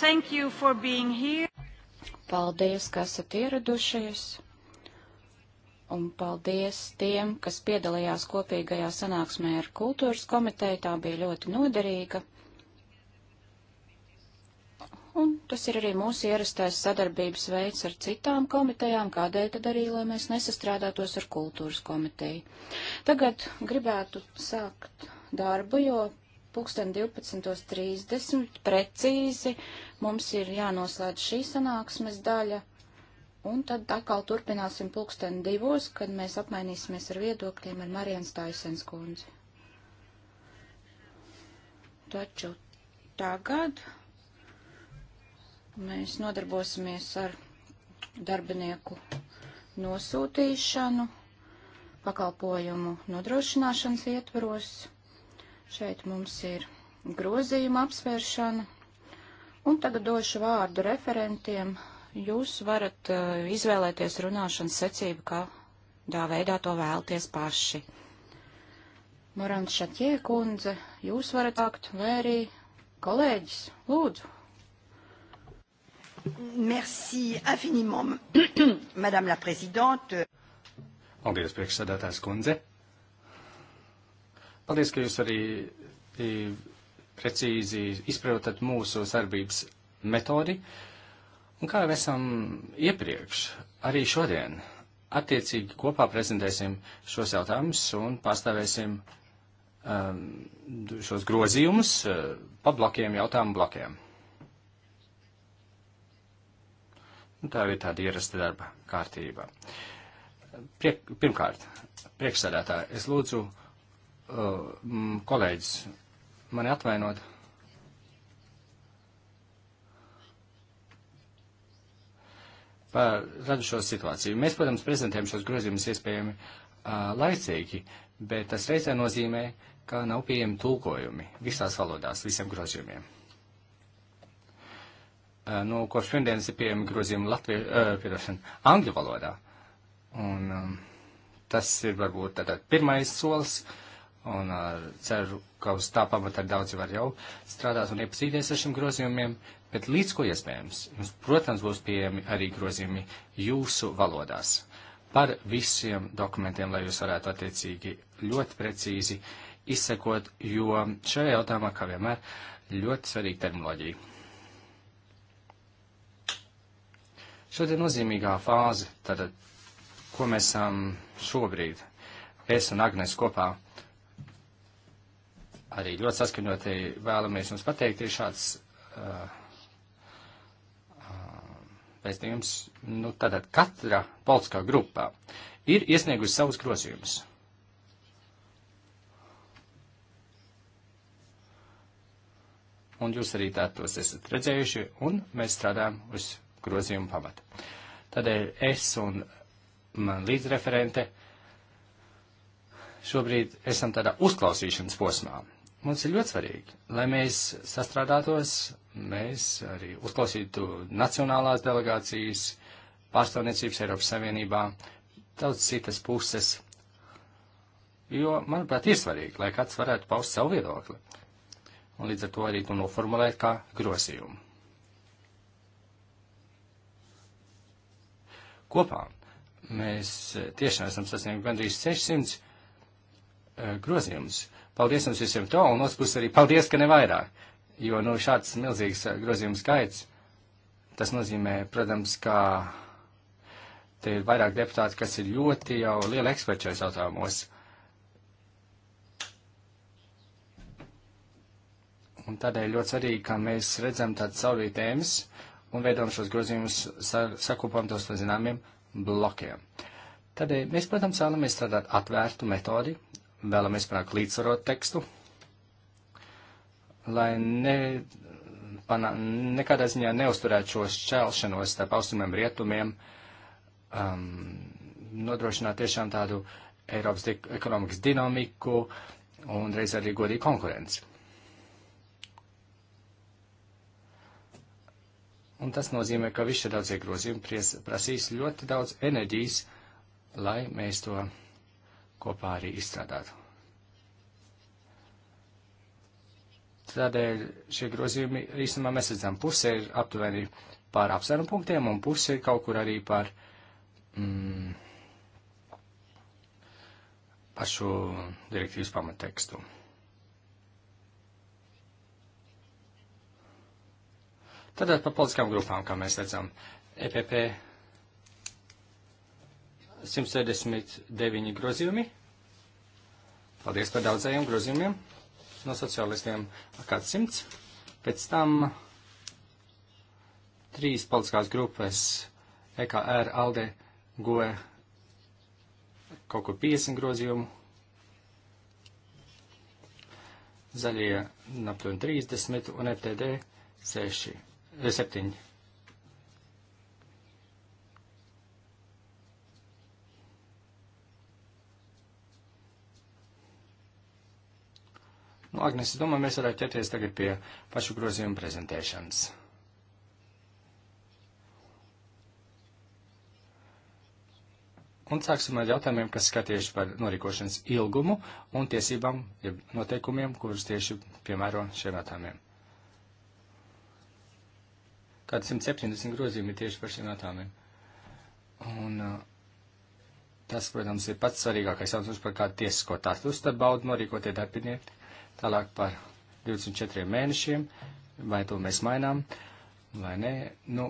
Thank you for being here. Paldies, ka esat ieradušies. Un paldies tiem, kas piedalījās kopīgajā sanāksmē ar kultūras komiteju. Tā bija ļoti noderīga. Un tas ir arī mūsu ierastais sadarbības veids ar citām komitejām, kādēļ tad arī, lai mēs nesastrādātos ar kultūras komiteju. Tagad gribētu sākt darbu, jo pulksten 12.30 precīzi mums ir jānoslēdz šī sanāksmes daļa, un tad atkal turpināsim pulksten divos, kad mēs apmainīsimies ar viedokļiem ar Marijas Taisens kundzi. Taču tagad mēs nodarbosimies ar darbinieku nosūtīšanu pakalpojumu nodrošināšanas ietvaros. Šeit mums ir grozījuma apsvēršana. Un tagad došu vārdu referentiem. Jūs varat uh, izvēlēties runāšanas secību, kādā veidā to vēlties paši. Morants Šatjē kundze, jūs varat akt, vai arī kolēģis, lūdzu. Merci infiniment, Madame la Présidente. Paldies, priekšsēdētājs kundze. Paldies, ka jūs arī e, precīzi izprotat mūsu sarbības metodi. Un kā jau esam iepriekš, arī šodien attiecīgi kopā prezentēsim šos jautājumus un pārstāvēsim um, šos grozījumus uh, pa blokiem, jautājumu blokiem. Un tā ir tāda ierasta darba kārtība. Priek, pirmkārt, priekšsēdētāji, es lūdzu kolēģis, mani atvainot. Par radušo situāciju. Mēs, protams, prezentējam šos grozījumus iespējami uh, laicīgi, bet tas reizē nozīmē, ka nav pieejami tulkojumi visās valodās, visiem grozījumiem. Uh, nu, kopš pirmdienas ir pieejami grozījumi latviešu, uh, piedošana, angļu valodā. Un um, tas ir varbūt tātad pirmais solis. Uh, Un uh, ceru, ka uz tā pamata daudzi var jau strādāt un iepazīties ar šiem grozījumiem, bet līdz ko iespējams, mums, protams, būs pieejami arī grozījumi jūsu valodās par visiem dokumentiem, lai jūs varētu attiecīgi ļoti precīzi izsekot, jo šajā jautājumā, kā vienmēr, ļoti svarīga terminoloģija. Šodien nozīmīgā fāze, tātad, ko mēs esam šobrīd, es un Agnes kopā arī ļoti saskaņotie vēlamies jums pateikt, ir šāds vēstījums, uh, uh, nu tātad katra politiskā grupā ir iesniegusi savus grozījumus. Un jūs arī tā tos esat redzējuši, un mēs strādājam uz grozījumu pamata. Tādēļ es un man līdzreferente šobrīd esam tādā uzklausīšanas posmā. Mums ir ļoti svarīgi, lai mēs sastrādātos, mēs arī uzklausītu nacionālās delegācijas, pārstāvniecības Eiropas Savienībā, daudz citas puses. Jo, manuprāt, ir svarīgi, lai kāds varētu paust savu viedokli. Un līdz ar to arī to noformulēt kā grozījumu. Kopā mēs tiešām esam sasnieguši gandrīz 600 eh, grozījumus. Paldies jums visiem to, un otrs puses arī paldies, ka nevairāk. Jo, nu, šāds milzīgs eh, grozījums skaits, tas nozīmē, protams, ka te ir vairāk deputāti, kas ir ļoti jau liela eksperta šajos jautājumos. Un tādēļ ļoti svarīgi, ka mēs redzam tādas saulīt tēmas un veidojam šos grozījumus, sakupam tos līdz zināmiem blokiem. Tādēļ mēs, protams, vēlamies strādāt atvērtu metodi, vēlamies panākt līdzsvarot tekstu, lai ne, panā, nekādā ziņā neusturētu šo šķelšanos starp austrumiem un rietumiem, um, nodrošināt tiešām tādu Eiropas di ekonomikas dinamiku un reiz arī godīgu konkurenci. Un tas nozīmē, ka visi šie daudzie grozījumi prasīs ļoti daudz enerģijas, lai mēs to kopā arī izstrādāt. Tādēļ šie grozījumi īstenībā mēs redzam, puse ir aptuveni par apsvērumu punktiem un puse ir kaut kur arī par mm, pašu direktīvas pamattekstu. Tātad par politiskām grupām, kā mēs redzam, EPP 179 grozījumi, Paldies par daudzajiem grozījumiem no sociālistiem kāds simts. Pēc tam trīs politiskās grupas EKR, ALDE, GOE, kaut kur 50 grozījumu. Zaļie aptuveni 30 un FTD 6, 7. Nu, Agnes, es domāju, mēs varētu ķerties tagad pie pašu grozījumu prezentēšanas. Un sāksim ar jautājumiem, kas skatieši par norīkošanas ilgumu un tiesībām, ja noteikumiem, kurus tieši piemēro šiem jautājumiem. Kādi 170 grozījumi ir tieši par šiem jautājumiem. Un uh, tas, protams, ir pats svarīgākais jautājums par kādu tiesisko tārtu starp baudu norīkotie darbinieki tālāk par 24 mēnešiem, vai to mēs mainām, vai nē. Nu,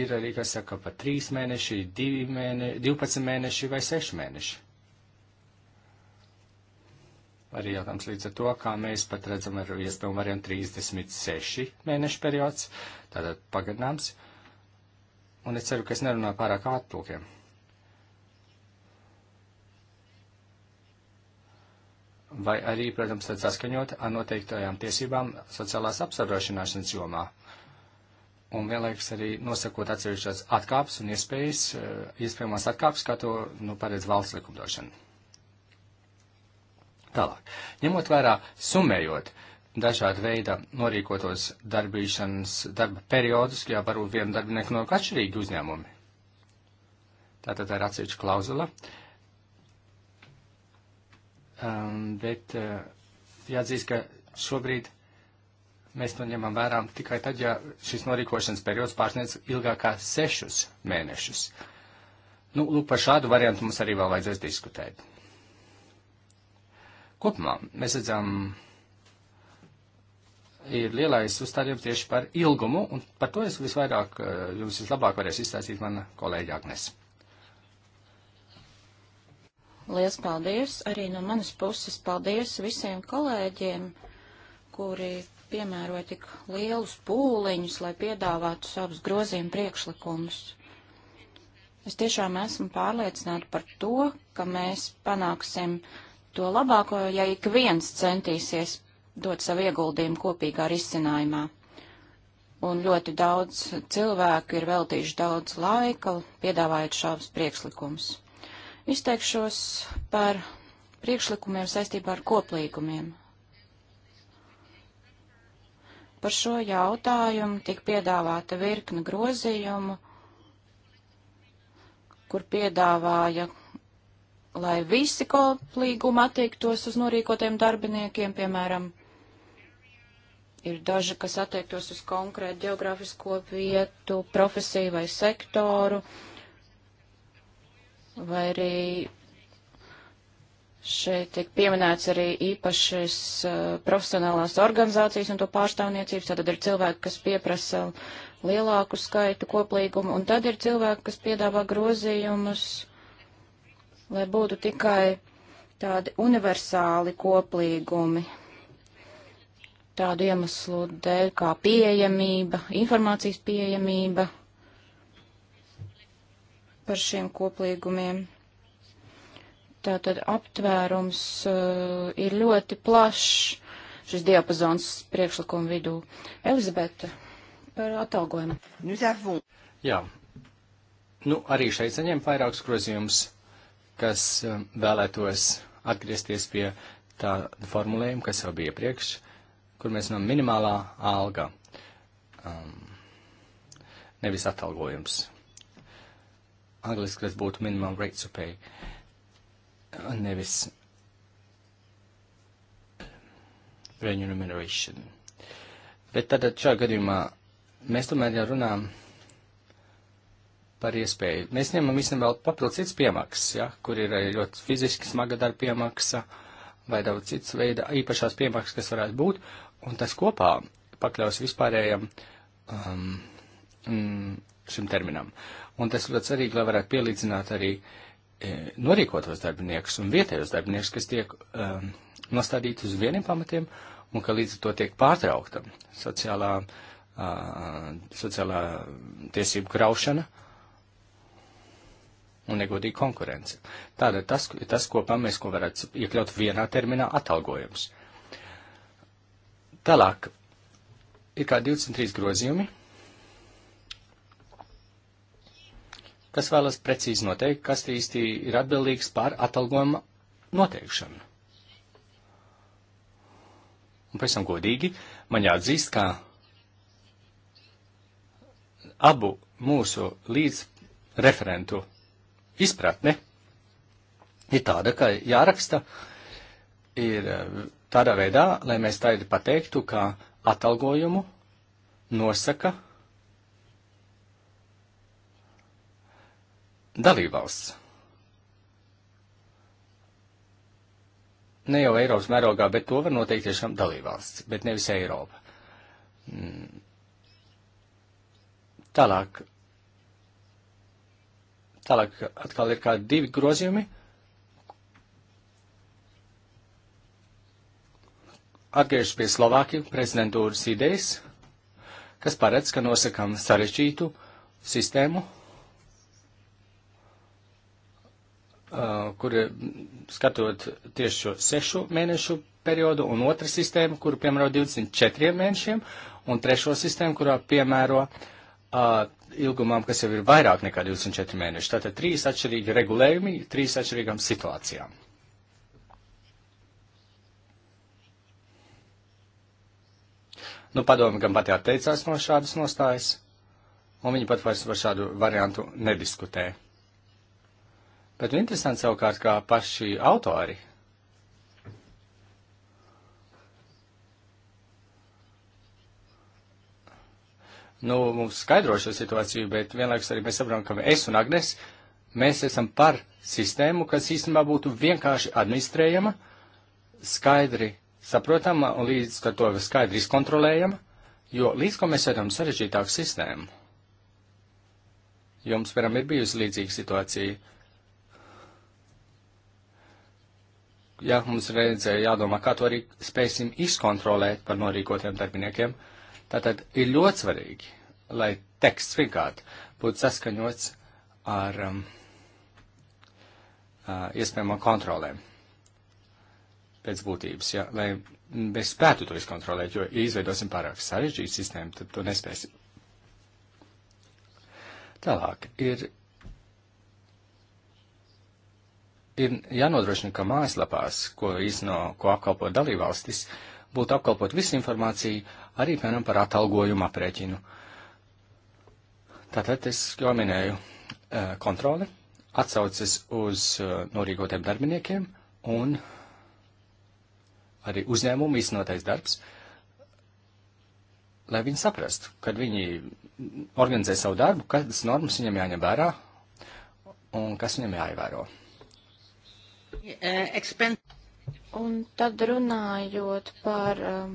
ir arī, kas saka, pa 3 mēneši, 2 mēneši, 12 mēneši vai 6 mēneši. Arī jautājums līdz ar to, kā mēs pat redzam ar iespēju variantu 36 mēnešu periods, tātad pagarināms. Un es ceru, ka es nerunāju pārāk ātrūkiem. vai arī, protams, tad saskaņot ar noteiktajām tiesībām sociālās apsarošanāšanas jomā. Un vienlaikus arī nosakot atsevišķas atkāpes un iespējas, eh, iespējamās atkāpes, kā to nu, paredz valsts likumdošana. Tālāk, ņemot vērā, summējot dažādu veidu norīkotos darbīšanas darba periodus, ja varbūt vienu darbinieku nonāk atšķirīgi uzņēmumi. Tātad tā ir atsevišķa klauzula, uh, Um, bet uh, jāatzīst, ka šobrīd mēs to ņemam vērā tikai tad, ja šis norīkošanas periods pārsniedz ilgākā sešus mēnešus. Nu, lūk, par šādu variantu mums arī vēl vajadzēs diskutēt. Kopumā mēs redzam, ir lielais uzstādījums tieši par ilgumu, un par to es visvairāk, uh, jums vislabāk varēs izstāstīt mana kolēģa Agnes. Liels paldies arī no manas puses. Paldies visiem kolēģiem, kuri piemēroja tik lielus pūliņus, lai piedāvātu savus grozījumu priekšlikumus. Es tiešām esmu pārliecināta par to, ka mēs panāksim to labāko, ja ik viens centīsies dot savu ieguldījumu kopīgā risinājumā. Un ļoti daudz cilvēku ir veltījuši daudz laika, piedāvājot šādus priekšlikumus. Izteikšos par priekšlikumiem saistībā ar koplīgumiem. Par šo jautājumu tika piedāvāta virkna grozījumu, kur piedāvāja, lai visi koplīgumi attiektos uz norīkotiem darbiniekiem, piemēram, ir daži, kas attiektos uz konkrētu geogrāfisko vietu, profesiju vai sektoru. Uh, vai arī Šeit tiek pieminēts arī īpašas uh, profesionālās organizācijas un to pārstāvniecības. Tad ir cilvēki, kas pieprasa lielāku skaitu koplīgumu, un tad ir cilvēki, kas piedāvā grozījumus, lai būtu tikai tādi universāli koplīgumi. Tādu iemeslu dēļ kā pieejamība, informācijas pieejamība, par šiem koplīgumiem. Tātad aptvērums uh, ir ļoti plašs šis diapazons priekšlikumu vidū. Elizabete, par atalgojumu. Jā, nu arī šeit saņem vairākus grozījumus, kas um, vēlētos atgriezties pie tā formulējuma, kas jau bija iepriekš, kur mēs runājam minimālā alga, um, nevis atalgojums angliskais būtu minimum rates to pay, nevis remuneration. Bet tad šā gadījumā mēs tomēr jau runājam par iespēju. Mēs ņemam visam vēl papildus cits piemaksas, ja, kur ir ļoti fiziski smaga darba piemaksa vai daudz cits veida īpašās piemaksas, kas varētu būt, un tas kopā pakļaus vispārējam um, mm, šim terminam. Uh, un tas ļoti svarīgi, lai varētu pielīdzināt arī e, norīkotos darbiniekus un vietējos darbiniekus, kas tiek um, nostādīti uz vieniem pamatiem un ka līdz ar to tiek pārtraukta sociālā, uh, sociālā tiesību graušana un negodīga konkurence. Tātad tas, tas kopā mēs, ko varētu iekļaut vienā terminā, atalgojums. Tālāk ir kā 23 grozījumi kas vēlas precīzi noteikt, kas īsti ir atbildīgs par atalgojuma noteikšanu. Un pēc tam godīgi man jāatzīst, ka abu mūsu līdz referentu izpratne ir tāda, ka jāraksta ir eh, tādā veidā, lai mēs tā ir pateiktu, ka atalgojumu nosaka dalībvalsts. Ne jau Eiropas mērogā, bet to var noteikt tiešām dalībvalsts, bet nevis Eiropa. Mm. Tālāk. Tālāk atkal ir kādi divi grozījumi. Atgriežas pie Slovākiju prezidentūras idejas, kas paredz, ka nosakam sarežģītu sistēmu kuri skatot tieši šo sešu mēnešu periodu, un otra sistēma, kuru piemēro 24 mēnešiem, un trešo sistēmu, kurā piemēro uh, ilgumam, kas jau ir vairāk nekā 24 mēneši. Tātad trīs atšķirīgi regulējumi, trīs atšķirīgām situācijām. Nu, padomi gan pati atteicās no šādas nostājas, un viņi pat vairs par šādu variantu nediskutē. Bet interesanti savukārt, kā paši autori. Nu, mums skaidro šo situāciju, bet vienlaikus arī mēs saprotam, ka es un Agnes, mēs esam par sistēmu, kas īstenībā būtu vienkārši administrējama, skaidri saprotama un līdz ar to skaidri izkontrolējama, jo līdz ko mēs redzam sarežģītāku sistēmu. Jums, piemēram, ir bijusi līdzīga situācija ja mums redzēja jādomā, kā to arī spēsim izkontrolēt par norīkotiem darbiniekiem, tātad ir ļoti svarīgi, lai teksts vienkārt būtu saskaņots ar um, uh, iespējamo kontrolēm pēc būtības, ja, lai mēs spētu to izkontrolēt, jo, ja izveidosim pārāk sarežģītu sistēmu, tad to nespēsim. Tālāk ir ir jānodrošina, ka mājaslapās, ko izno, ko apkalpo dalībvalstis, būtu apkalpot visu informāciju, arī, piemēram, par atalgojumu aprēķinu. Tātad es jau minēju eh, kontroli, atsaucas uz eh, norīkotiem darbiniekiem un arī uzņēmumu iznotais darbs, lai viņi saprastu, kad viņi organizē savu darbu, kādas normas viņam jāņem vērā un kas viņam jāievēro. Eh, un tad runājot par um,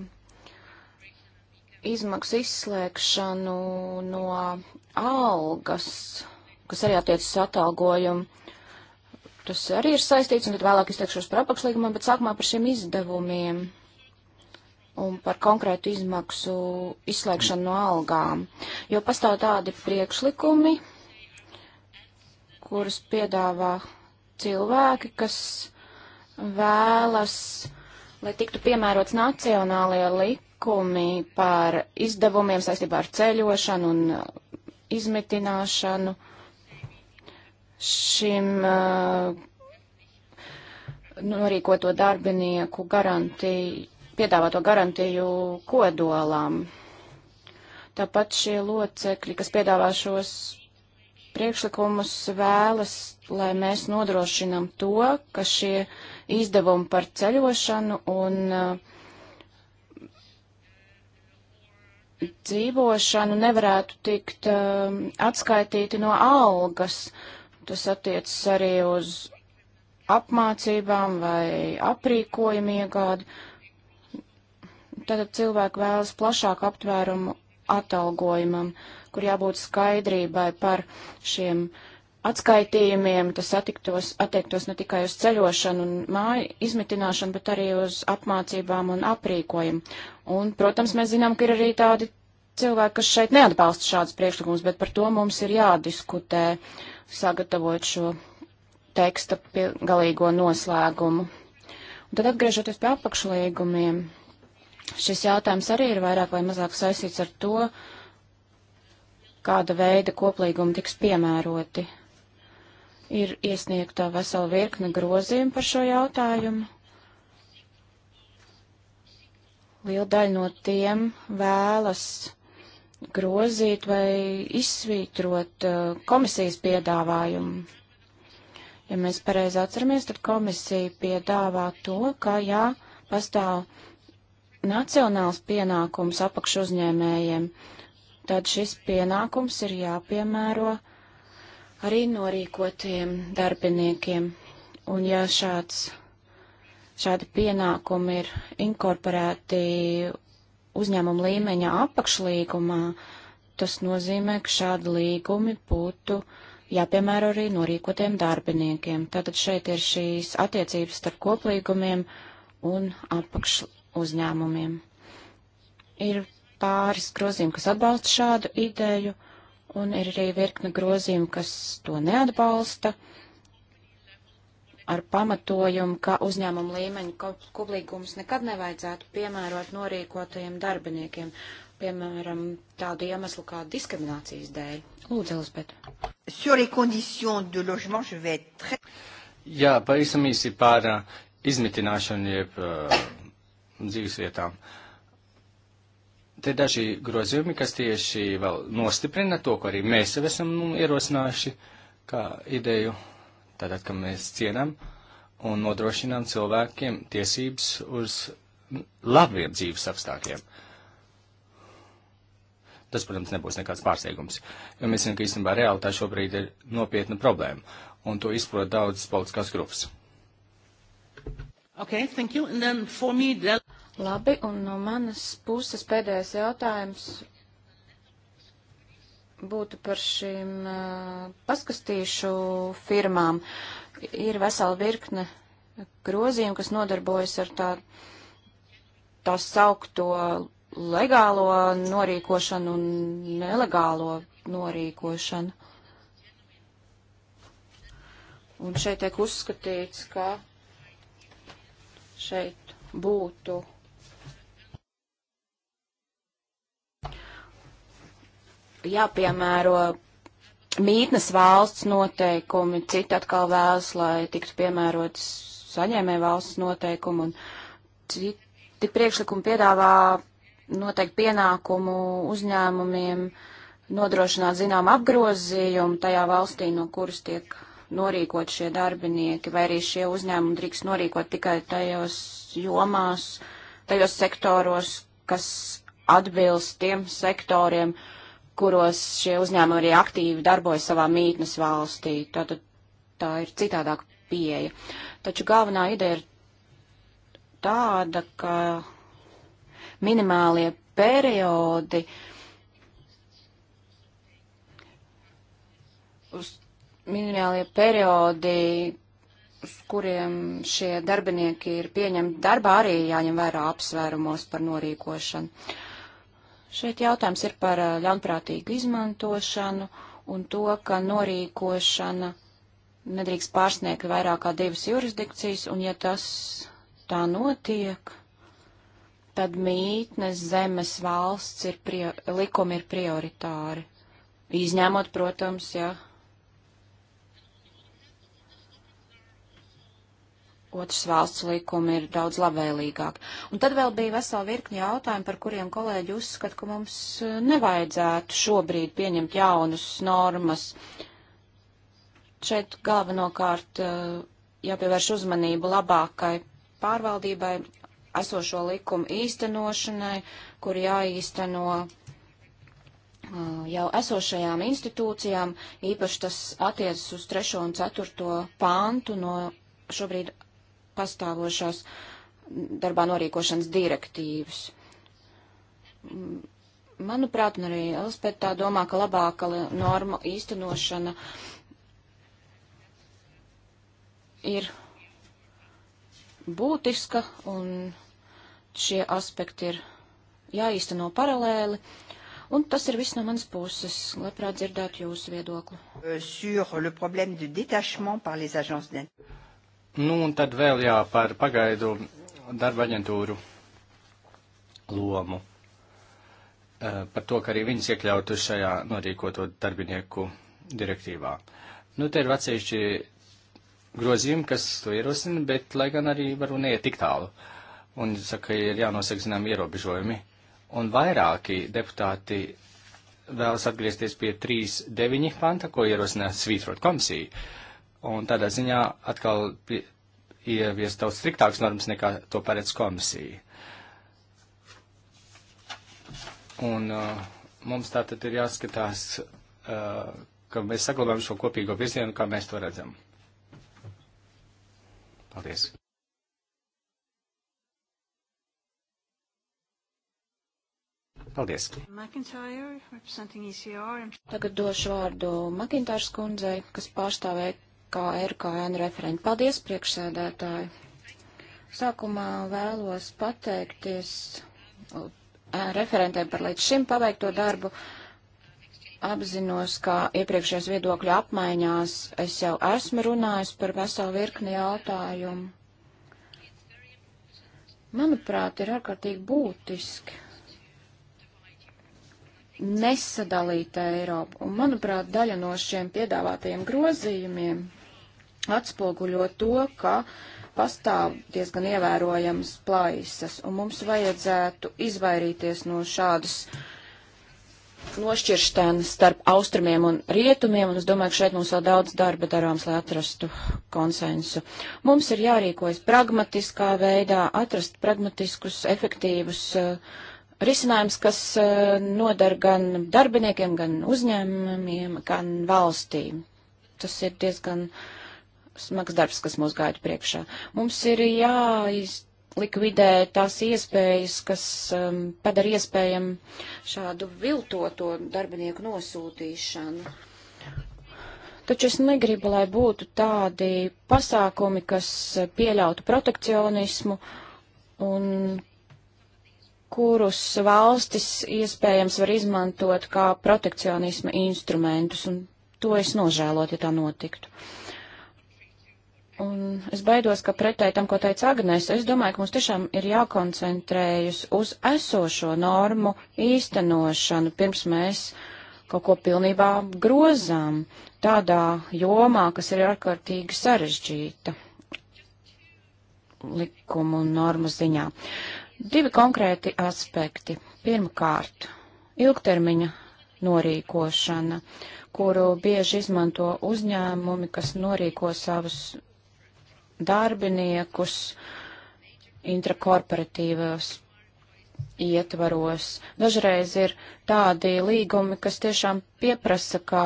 izmaksu izslēgšanu no algas, kas arī attiecas atalgojumu, tas arī ir saistīts, un tad vēlāk izteikšos par apakšlīgumu, bet sākumā par šiem izdevumiem un par konkrētu izmaksu izslēgšanu no algām. Jo pastāv tādi priekšlikumi, kurus piedāvā cilvēki, kas vēlas, lai tiktu piemērots nacionālajie likumi par izdevumiem saistībā ar ceļošanu un izmitināšanu. Šim eh, nu, norīkoto darbinieku garantiju, piedāvāto garantiju kodolām. Tāpat šie locekļi, kas piedāvā šos priekšlikumus vēlas, lai mēs nodrošinam to, ka šie izdevumi par ceļošanu un uh, dzīvošanu nevarētu tikt um, atskaitīti no algas. Tas attiecas arī uz apmācībām vai aprīkojumu iegādi. Tātad cilvēki vēlas plašāku aptvērumu atalgojumam. Uh, kur jābūt skaidrībai par šiem atskaitījumiem, tas attiktos, attiektos ne tikai uz ceļošanu un māju izmitināšanu, bet arī uz apmācībām un aprīkojumu. Un, protams, mēs zinām, ka ir arī tādi cilvēki, kas šeit neatbalsta šādas priekšlikumus, bet par to mums ir jādiskutē, sagatavot šo teksta galīgo noslēgumu. Un tad atgriežoties pie apakšlīgumiem, šis jautājums arī ir vairāk vai mazāk saistīts ar to, uh, kāda veida koplīgumi tiks piemēroti. Ir iesniegta vesela virkne grozījumu par šo jautājumu. Liela daļa no tiem vēlas grozīt vai izsvītrot uh, komisijas piedāvājumu. Ja mēs pareizi atceramies, tad komisija piedāvā to, ka jā, pastāv nacionāls pienākums apakšuzņēmējiem. Uh, tad šis pienākums ir jāpiemēro arī norīkotiem darbiniekiem. Un ja šāds, šādi pienākumi ir inkorporēti uzņēmuma līmeņa apakšlīgumā, tas nozīmē, ka šādi līgumi būtu jāpiemēro arī norīkotiem darbiniekiem. Tātad šeit ir šīs attiecības starp koplīgumiem un apakš uzņēmumiem. Ir pāris grozījumu, kas atbalsta šādu ideju, un ir arī virkne grozījumu, kas to neatbalsta ar pamatojumu, ka uzņēmuma līmeņa kublīgums nekad nevajadzētu piemērot norīkotajiem darbiniekiem, piemēram, tādu iemeslu kā diskriminācijas dēļ. Lūdzu, Elizabet. Jā, pavisam īsi par izmitināšanu jeb uh, dzīves vietām. Uh, Te ir daži grozījumi, kas tieši vēl nostiprina to, ko arī mēs jau esam nu, ierosinājuši kā ideju, tātad, ka mēs cienam un nodrošinām cilvēkiem tiesības uz labiem dzīves apstākļiem. Tas, protams, nebūs nekāds pārsteigums, jo mēs zinām, ka īstenībā realitāte šobrīd ir nopietna problēma, un to izprot daudzas politiskās grupas. Okay, thank you. And then for me, that... Labi, un no manas puses pēdējais jautājums būtu par šīm paskastīšu firmām. Ir vesela virkne grozījumu, kas nodarbojas ar tā, tā saukto legālo norīkošanu un nelegālo norīkošanu. Un šeit tiek uzskatīts, ka šeit būtu jāpiemēro mītnes valsts noteikumi, citi atkal vēlas, lai tiktu piemērotas saņēmē valsts noteikumi, un citi priekšlikumi piedāvā noteikti pienākumu uzņēmumiem nodrošināt zinām apgrozījumu tajā valstī, no kuras tiek norīkot šie darbinieki, vai arī šie uzņēmumi drīkst norīkot tikai tajos jomās, tajos sektoros, kas atbilst tiem sektoriem, uh, kuros šie uzņēmumi arī aktīvi darbojas savā mītnes valstī. Tātad tā ir citādāka pieeja. Taču galvenā ideja ir tāda, ka minimālie periodi uz minimālie periodi, uz kuriem šie darbinieki ir pieņemti darbā, arī jāņem vērā apsvērumos par norīkošanu. Uh, Šeit jautājums ir par ļaunprātīgu izmantošanu un to, ka norīkošana nedrīkst pārsniegt vairāk kā divas jurisdikcijas, un ja tas tā notiek, tad mītnes zemes valsts ir prie, likumi ir prioritāri. Izņemot, protams, ja otras valsts likumi ir daudz labvēlīgāk. Un tad vēl bija vesela virkni jautājumu, par kuriem kolēģi uzskata, ka mums e, nevajadzētu šobrīd pieņemt jaunas normas. Šeit galvenokārt e, jāpievērš uzmanību labākai pārvaldībai, esošo likumu īstenošanai, kur jāīsteno e, jau esošajām institūcijām, īpaši tas attiecas uz 3. un 4. pāntu no šobrīd pastāvošās darbā norīkošanas direktīvas. Manuprāt, un arī Elspēta tā domā, ka labāka norma īstenošana ir būtiska, un šie aspekti ir jāīsteno paralēli. Un tas ir viss no manas puses. Labprāt dzirdēt jūsu viedokli. Uh, Nu, un tad vēl jā, par pagaidu darba aģentūru lomu. Eh, par to, ka arī viņas iekļautu šajā norīkoto darbinieku direktīvā. Nu, te ir atsevišķi grozījumi, kas to ierosina, bet, lai gan arī varu neiet tik tālu. Un, saka, ir jānosaka, zinām, ierobežojumi. Un vairāki deputāti vēlas atgriezties pie 3.9. panta, ko ierosina svītrot komisija. Uh, un tādā ziņā atkal ievies daudz striktāks normas nekā to paredz komisija. Un uh, mums tā tad ir jāskatās, uh, ka mēs saglabājam šo kopīgo virzienu, kā mēs to redzam. Paldies! Paldies! E Tagad došu vārdu Makintārs kundzei, kas pārstāvēja EKR kā ēnu referenti. Paldies, priekšsēdētāji! Sākumā vēlos pateikties referentiem par līdz šim paveikto darbu. Apzinos, ka iepriekšējās viedokļu apmaiņās es jau esmu runājis par veselu virkni jautājumu. Manuprāt, ir ārkārtīgi būtiski nesadalīta Eiropa. Un, manuprāt, daļa no šiem piedāvātajiem grozījumiem atspoguļo to, ka pastāv diezgan ievērojams plaisas, un mums vajadzētu izvairīties no šādas nošķiršana starp austrumiem un rietumiem, un es domāju, ka šeit mums vēl daudz darba darāms, lai atrastu konsensu. Mums ir jārīkojas pragmatiskā veidā, atrast pragmatiskus, efektīvus uh, risinājums, kas eh, nodar gan darbiniekiem, gan uzņēmumiem, gan valstīm. Tas ir diezgan smags darbs, kas mūs gaida priekšā. Mums ir jālikvidē tās iespējas, kas um, padara iespējam šādu viltoto darbinieku nosūtīšanu. Taču es negribu, lai būtu tādi pasākumi, kas pieļautu protekcionismu un kurus valstis iespējams var izmantot kā protekcionisma instrumentus, un to es nožēlot, ja tā notiktu. Un es baidos, ka pretēji tam, ko teica Agnēs, es domāju, ka mums tiešām ir jākoncentrējas uz esošo normu īstenošanu, pirms mēs kaut ko pilnībā grozām tādā jomā, kas ir ārkārtīgi sarežģīta likuma un normas ziņā. Divi konkrēti aspekti. Pirmkārt, ilgtermiņa norīkošana, kuru bieži izmanto uzņēmumi, kas norīko savus darbiniekus intrakorporatīvos ietvaros. Dažreiz ir tādi līgumi, kas tiešām pieprasa, ka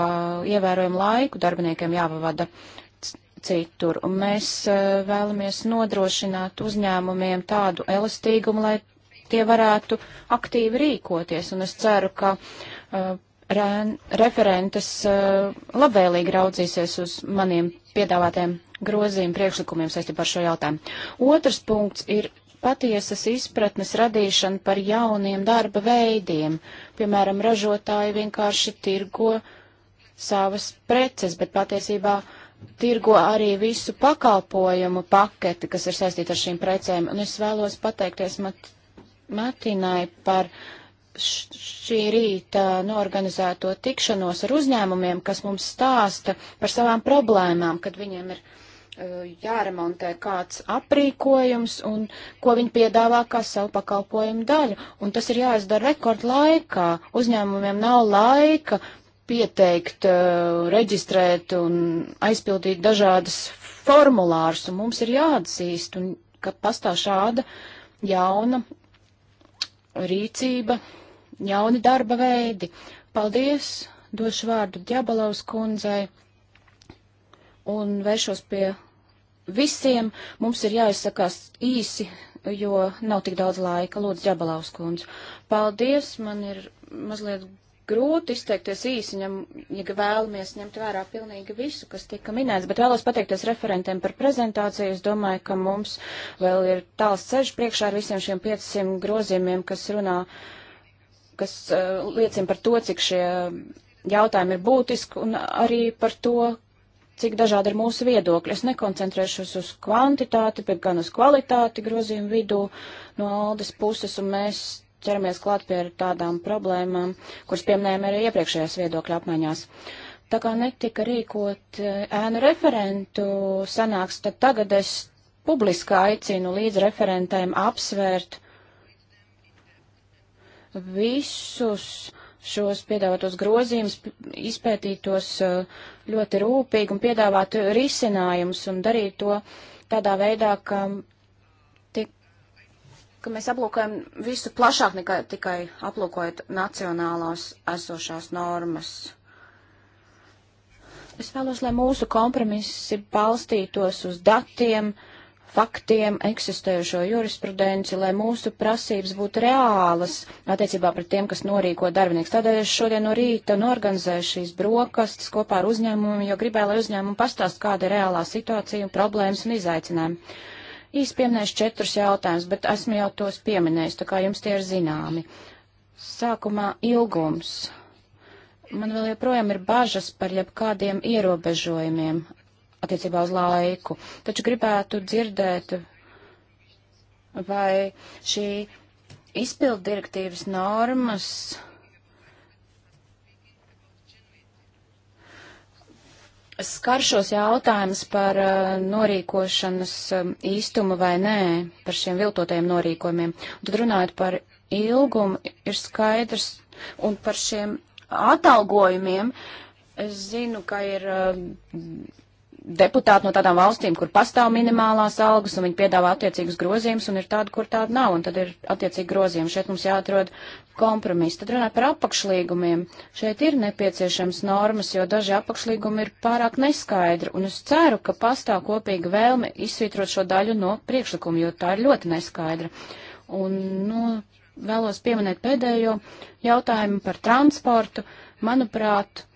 ievērojumu laiku darbiniekiem jāpavada citur. Un mēs eh, vēlamies nodrošināt uzņēmumiem tādu elastīgumu, lai tie varētu aktīvi rīkoties. Un es ceru, ka uh, re referentes uh, labvēlīgi raudzīsies uz maniem piedāvātiem grozījumu priekšlikumiem saistībā ar šo jautājumu. Otrs punkts ir patiesas izpratnes radīšana par jauniem darba veidiem. Piemēram, ražotāji vienkārši tirgo savas preces, bet patiesībā uh, tirgo arī visu pakalpojumu paketi, kas ir saistīta ar šīm precēm. Un es vēlos pateikties Mat Matinai par šī rīta norganizēto tikšanos ar uzņēmumiem, kas mums stāsta par savām problēmām, kad viņiem ir uh, jāremontē kāds aprīkojums un ko viņi piedāvā kā savu pakalpojumu daļu. Un tas ir jāizdara rekord laikā. Uzņēmumiem nav laika uh, pieteikt, uh, reģistrēt un aizpildīt dažādas formulārus, un mums ir jāatzīst, un, ka pastāv šāda jauna rīcība, jauni darba veidi. Paldies! Došu vārdu Džabalaus kundzei un vēršos pie visiem. Mums ir jāizsakās īsi, jo nav tik daudz laika. Lūdzu, Džabalaus kundze. Paldies! Man ir mazliet grūti izteikties īsi, ņem, ja vēlamies ņemt vērā pilnīgi visu, kas tika minēts, bet vēlos pateikties referentiem par prezentāciju. Es domāju, ka mums vēl ir tāls ceļš priekšā ar visiem šiem 500 grozījumiem, kas runā, kas uh, liecina par to, cik šie jautājumi ir būtiski un arī par to, cik dažādi ir mūsu viedokļi. Es nekoncentrēšos uz kvantitāti, bet gan uz kvalitāti grozījumu vidū no Aldes puses, un mēs ķeramies klāt pie tādām problēmām, kuras pieminējām arī iepriekšējās viedokļa apmaiņās. Tā kā netika rīkot e, ēnu referentu sanāks, tad tagad es publiski aicinu līdz referentēm apsvērt visus šos piedāvātos grozījumus, izpētītos e, ļoti rūpīgi un piedāvāt risinājumus un darīt to tādā veidā, ka ka mēs aplūkojam visu plašāk nekā tikai aplūkojot nacionālās esošās normas. Es vēlos, lai mūsu kompromisi balstītos uz datiem, faktiem, eksistējošo jurisprudenci, lai mūsu prasības būtu reālas attiecībā pret tiem, kas norīko darbinieks. Tādēļ es šodien no rīta norganizēju šīs brokastis kopā ar uzņēmumu, jo gribēju, lai uzņēmumu pastāst, kāda ir reālā situācija un problēmas un izaicinājumi. Īsti pieminēšu četrus jautājumus, bet esmu jau tos pieminējis, tā kā jums tie ir zināmi. Sākumā ilgums. Man vēl joprojām ir bažas par jebkādiem ierobežojumiem attiecībā uz laiku, taču gribētu dzirdēt, vai šī izpildu direktīvas normas skar šos jautājumus par uh, norīkošanas um, īstumu vai nē, par šiem viltotajiem norīkojumiem. Un tad runājot par ilgumu, ir skaidrs, un par šiem atalgojumiem, es zinu, ka ir uh, deputāti no tādām valstīm, kur pastāv minimālās algas, un viņi piedāvā attiecīgus grozījumus, un ir tāda, kur tāda nav, un tad ir attiecīgi grozījumi. Šeit mums jāatrod kompromiss. Tad runājot par apakšlīgumiem, šeit ir nepieciešams normas, jo daži apakšlīgumi ir pārāk neskaidri, un es ceru, ka pastāv kopīga vēlme izsvītrot šo daļu no priekšlikuma, jo tā ir ļoti neskaidra. Un, nu, vēlos pieminēt pēdējo jautājumu par transportu. Manuprāt,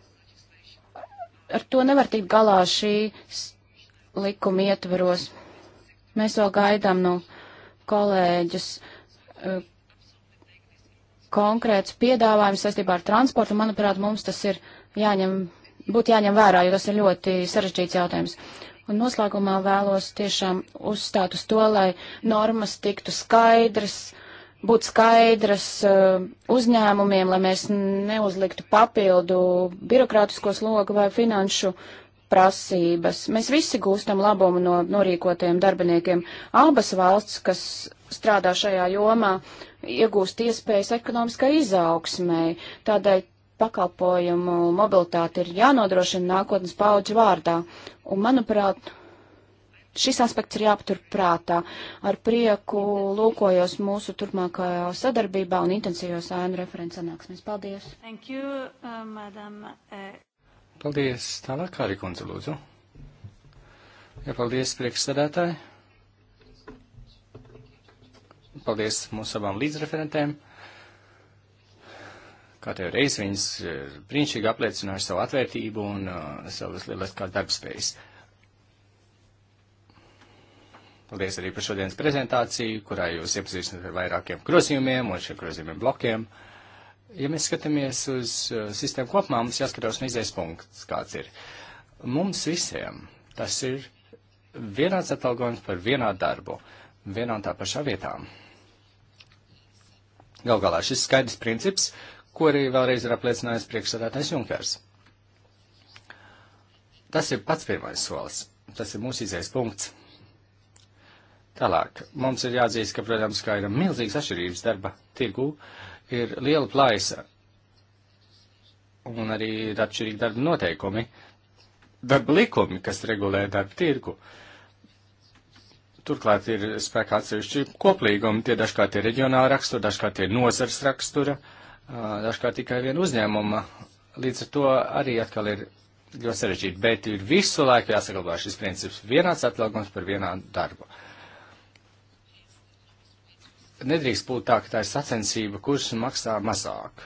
ar to nevar tikt galā šīs likuma ietvaros. Mēs vēl gaidām no kolēģis uh, konkrēts piedāvājums saistībā ar transportu. Manuprāt, mums tas ir jāņem, būtu jāņem vērā, jo tas ir ļoti sarežģīts jautājums. Un noslēgumā vēlos tiešām uzstāt uz to, lai normas tiktu skaidrs, būt skaidras eh, uzņēmumiem, lai mēs neuzliktu papildu birokrātisko slogu vai finanšu prasības. Mēs visi gūstam labumu no norīkotiem darbiniekiem. Abas valsts, kas strādā šajā jomā, iegūst iespējas ekonomiskai izaugsmēji. Tādēļ pakalpojumu mobilitāte ir jānodrošina nākotnes paudžu vārdā. Un, manuprāt, šis aspekts ir jāpatur prātā. Ar prieku lūkojos mūsu turpmākajā sadarbībā un intensīvos ēnu referents sanāksmēs. Paldies! Thank you, uh, madam. Uh, paldies! Tālāk arī kundze lūdzu. Jā, paldies priekšsēdētāji. Paldies mūsu abām līdzreferentēm. Kā tev reiz viņas eh, brīnišķīgi apliecināja savu atvērtību un uh, savas lieliskās darbspējas. Uh, Paldies arī par šodienas prezentāciju, kurā jūs iepazīstināt ar vairākiem grozījumiem un šiem grozījumiem blokiem. Ja mēs skatāmies uz uh, sistēmu kopumā, mums jāskatās un izies punkts, kāds ir. Mums visiem tas ir vienāds atalgojums par vienādu darbu, vienā un tā pašā vietā. Gal galā šis skaidrs princips, ko arī vēlreiz ir apliecinājis priekšsādātais Junkers. Tas ir pats pirmais solis. Tas ir mūsu izies punkts. Tālāk, mums ir jāatzīst, ka, protams, kā ir milzīgas atšķirības darba tirgu, ir liela plaisa un arī ir atšķirīgi darba noteikumi, darba likumi, kas regulē darba tirgu. Turklāt ir spēkā atsevišķi koplīgumi, tie dažkārt ir reģionāla rakstura, dažkārt ir nozars rakstura, dažkārt tikai viena uzņēmuma. Līdz ar to arī atkal ir ļoti sarežģīti, bet ir visu laiku jāsaglabā šis princips vienāds atlāgums par vienādu darbu. Uh, nedrīkst būt tā, ka tā ir sacensība, kurš maksā mazāk.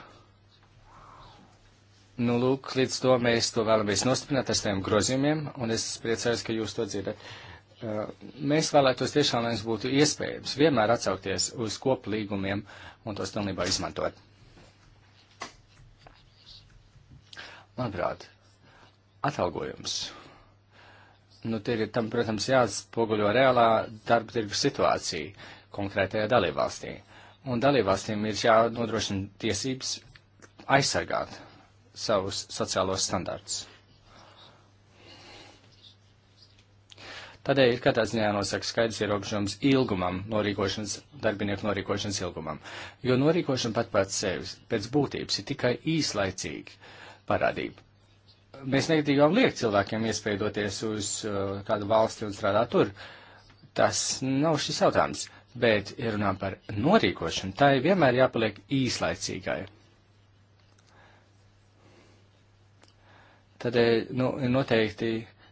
Nu, lūk, līdz to mēs to vēlamies nostiprināt ar saviem grozījumiem, un es priecājos, ka jūs to dzirdat. Uh, mēs vēlētos tiešām, lai mums būtu iespējams vienmēr atsaukties uz kopu līgumiem un tos pilnībā izmantot. Manuprāt, atalgojums. Nu, tie ir tam, protams, jāatspoguļo reālā darba tirgus situācija konkrētajā dalībvalstī. Un dalībvalstīm ir jānodrošina tiesības aizsargāt savus sociālos standartus. Tādēļ ir katrā ziņā nosaka skaidrs ierobežojums ilgumam, norīkošanas, darbinieku norīkošanas ilgumam, jo norīkošana pat pēc sevis, pēc būtības, ir tikai īslaicīga parādība. Mēs negatīvām liek cilvēkiem iespēju doties uz uh, kādu valsti un strādāt tur. Tas nav šis jautājums bet, ja runām par norīkošanu, tai vienmēr jāpaliek īslaicīgai. Tad, eh, nu, noteikti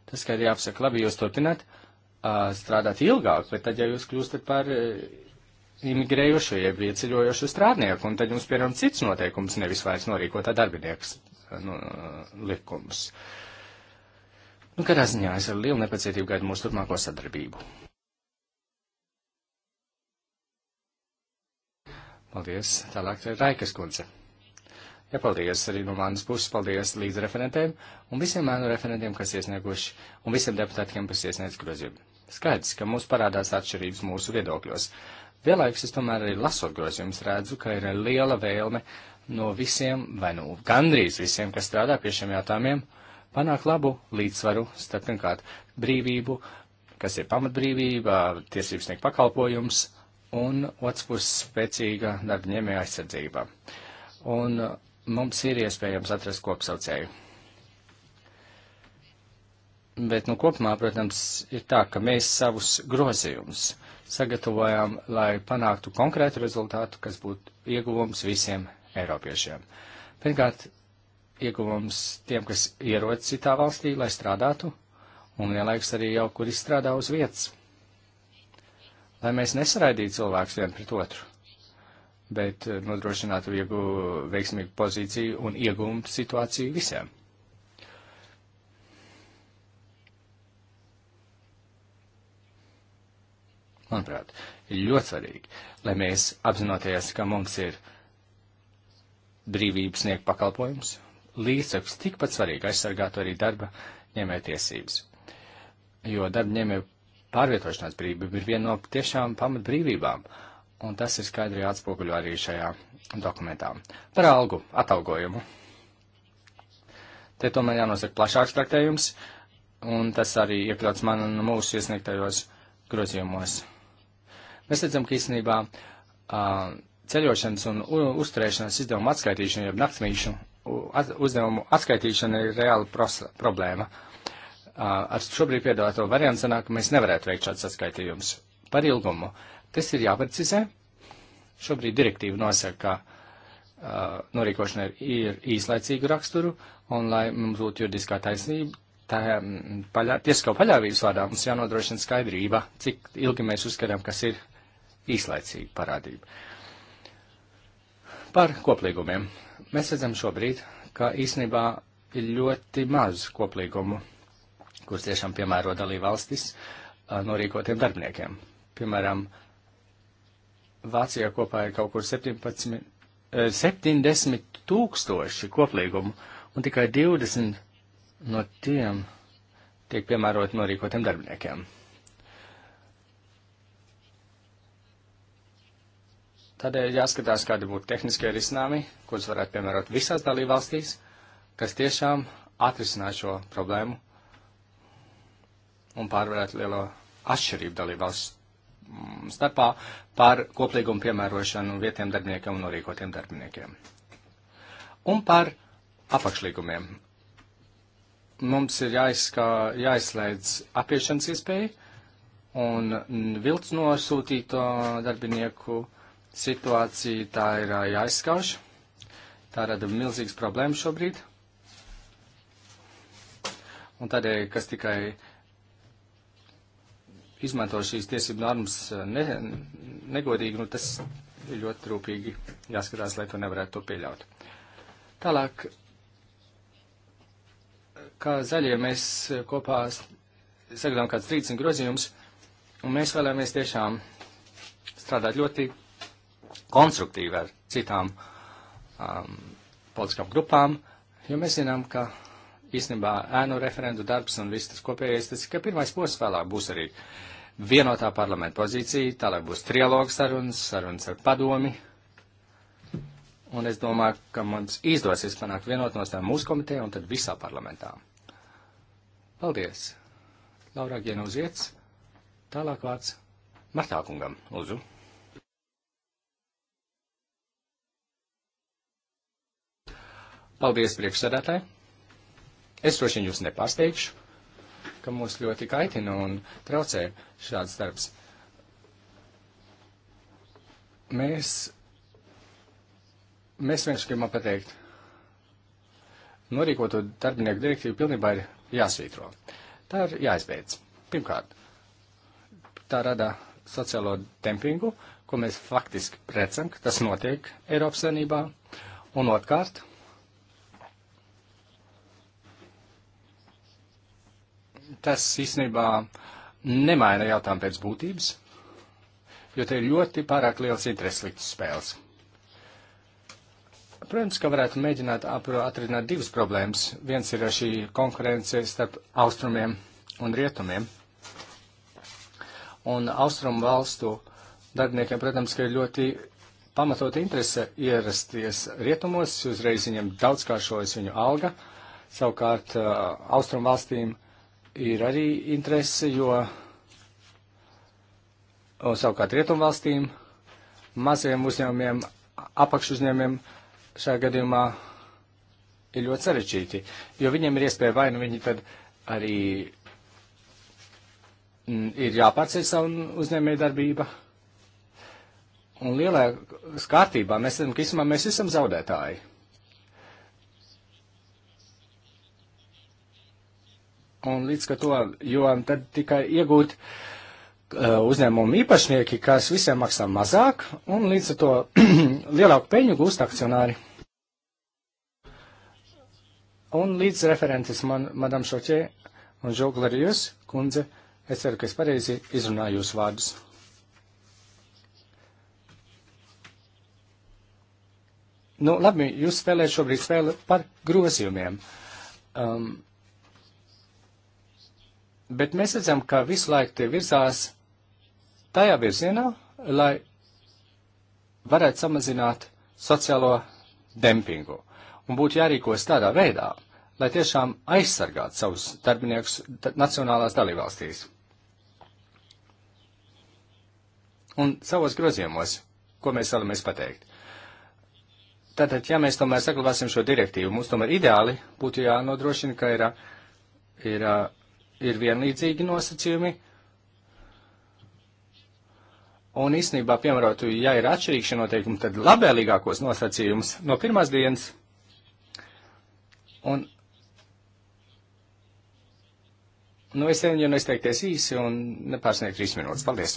tas, ka ir jāapsaka, labi, jūs turpināt uh, strādāt ilgāk, bet tad, ja jūs kļūstat par uh, imigrējušo, jeb ieceļojošu strādnieku, un tad jums, piemēram, cits noteikums, nevis vairs norīkotā darbinieks nu, likums. Nu, kādā ziņā es ar lielu nepacietību gaidu mūsu turpmāko sadarbību. Paldies. Tālāk ir Raikas kundze. Jā, ja, paldies arī no manas puses, paldies līdz referentēm un visiem mēnu referentiem, kas iesnieguši, un visiem deputātiem, kas iesniedz grozījumu. Skaidrs, ka mums parādās atšķirības mūsu viedokļos. Vienlaikus es tomēr arī lasot grozījumus redzu, ka ir liela vēlme no visiem, vai nu no gandrīz visiem, kas strādā pie šiem jautājumiem, panākt labu līdzsvaru starp, pirmkārt, brīvību, kas ir pamatbrīvība, tiesības sniegt pakalpojums, un otrs puses spēcīga darba ņēmēja aizsardzība. Un mums ir iespējams atrast kopsaucēju. Bet, nu, kopumā, protams, ir tā, ka mēs savus grozījumus sagatavojām, lai panāktu konkrētu rezultātu, kas būtu ieguvums visiem eiropiešiem. Pirmkārt, ieguvums tiem, kas ierod citā valstī, lai strādātu, un vienlaiks arī jau, kur izstrādā uz vietas lai mēs nesaraidītu cilvēkus vienu pret otru, bet eh, nodrošinātu viegu veiksmīgu pozīciju un iegūmu situāciju visiem. Manuprāt, ir ļoti svarīgi, lai mēs apzinoties, ka mums ir brīvības sniegt pakalpojums, līdzekļus tikpat svarīgi aizsargāt arī darba ņēmē tiesības. Jo darba ņēmē pārvietošanās brīvība ir viena no tiešām pamatbrīvībām, un tas ir skaidri atspoguļo arī šajā dokumentā. Par algu atalgojumu. Te tomēr jānosaka plašāks traktējums, un tas arī iekļauts man un mūsu iesniegtajos grozījumos. Mēs redzam, ka īstenībā ceļošanas un uzturēšanas izdevumu atskaitīšana, jeb naktsmīšu uzdevumu atskaitīšana ir reāla problēma. Uh, ar šobrīd piedāvāto variantu sanāk, ka mēs nevarētu veikt šāds saskaitījums par ilgumu. Tas ir jāprecizē. Šobrīd direktīva nosaka, ka uh, norīkošana ir, ir īslaicīgu raksturu, un lai mums būtu juridiskā taisnība, tā paļā, tiesiskā paļāvības vārdā mums jānodrošina skaidrība, cik ilgi mēs uzskatām, kas ir īslaicīga parādība. Par koplīgumiem. Mēs redzam šobrīd, ka īsnībā ir ļoti maz koplīgumu kurus tiešām piemēro dalību valstis eh, norīkotiem darbiniekiem. Piemēram, Vācijā kopā ir kaut kur 17, 70 tūkstoši koplīgumu, un tikai 20 no tiem tiek piemēroti norīkotiem darbiniekiem. Tādēļ jāskatās, kādi būtu tehniskie risinājumi, kurus varētu piemērot visās dalībvalstīs, kas tiešām atrisinās šo problēmu un pārvarētu lielo atšķirību dalībvalsts mm, starpā par koplīgumu piemērošanu vietiem darbiniekiem un norīkotiem darbiniekiem. Un par apakšlīgumiem. Mums ir jāizskā, jāizslēdz apiešanas iespēja un vilts nosūtīto darbinieku situācija tā ir jāizskauž. Tā rada milzīgas problēmas šobrīd. Un tādēļ, kas tikai izmanto šīs tiesību normas eh, ne, negodīgi, nu tas ir ļoti rūpīgi jāskatās, lai to nevarētu to pieļaut. Tālāk, kā zaļie mēs kopā sagadām kāds 30 grozījums, un mēs vēlamies tiešām strādāt ļoti konstruktīvi ar citām um, politiskām grupām, jo mēs zinām, ka īstenībā ēnu referendu darbs un viss tas kopējais, tas ka pirmais posms vēlāk būs arī vienotā parlamenta pozīcija, tālāk būs trialogs sarunas, sarunas ar padomi. Un es domāju, ka mums izdosies panākt vienot nostāju mūsu komitejā un tad visā parlamentā. Paldies! Laura Gienauziets, tālāk vārds Martākungam, lūdzu. Paldies priekšsēdētāji! Es droši vien jūs nepārsteigšu, ka mūs ļoti kaitina un traucē šāds darbs. Mēs, mēs vienkārši gribam pateikt, norīkoto darbinieku direktīvu pilnībā ir jāsvītro. Tā ir jāizbeidz. Pirmkārt, tā rada sociālo dempingu, ko mēs faktiski precam, ka tas notiek Eiropas Savienībā. Un otrkārt, tas īstenībā nemaina jautājumu pēc būtības, jo te ir ļoti pārāk liels intereses liktas spēles. Protams, ka varētu mēģināt atrisināt divas problēmas. Viens ir šī konkurence starp austrumiem un rietumiem. Un austrumu valstu darbiniekiem, protams, ka ir ļoti pamatot interese ierasties rietumos, uzreiz viņiem daudzkāršojas viņu alga. Savukārt uh, austrumu valstīm ir arī interese, jo un savukārt rietumvalstīm, maziem uzņēmumiem, apakšuzņēmumiem šajā gadījumā ir ļoti sarežģīti, jo viņiem ir iespēja vai nu viņi tad arī mm, ir jāpārceļ savu uzņēmēju darbību. Un lielā skārtībā mēs redzam, ka īstenībā mēs esam zaudētāji. un līdz ar to, jo tad tikai iegūt uh, uzņēmumu īpašnieki, kas visiem maksā mazāk, un līdz ar to lielāku peļņu gūst akcionāri. Un līdz referentis man, Madam Šoķē un Žogla arī jūs, kundze, es ceru, ka es pareizi izrunāju jūsu vārdus. Nu, labi, jūs spēlējat šobrīd spēli par grozījumiem. Um, Bet mēs redzam, ka visu laiku tie virzās tajā virzienā, lai varētu samazināt sociālo dempingu. Un būtu jārīkojas tādā veidā, lai tiešām aizsargātu savus darbiniekus nacionālās dalībvalstīs. Un savos grozījumos, ko mēs vēlamies pateikt. Tātad, ja mēs tomēr saglabāsim šo direktīvu, mums tomēr ideāli būtu jānodrošina, ka ir, ir ir vienlīdzīgi nosacījumi. Un īstenībā, piemēram, ja ir atšķirīgi šie noteikumi, tad labēlīgākos nosacījumus no pirmās dienas. Un, nu, es jau nesteigties īsi un nepārsniegt trīs minūtes. Paldies!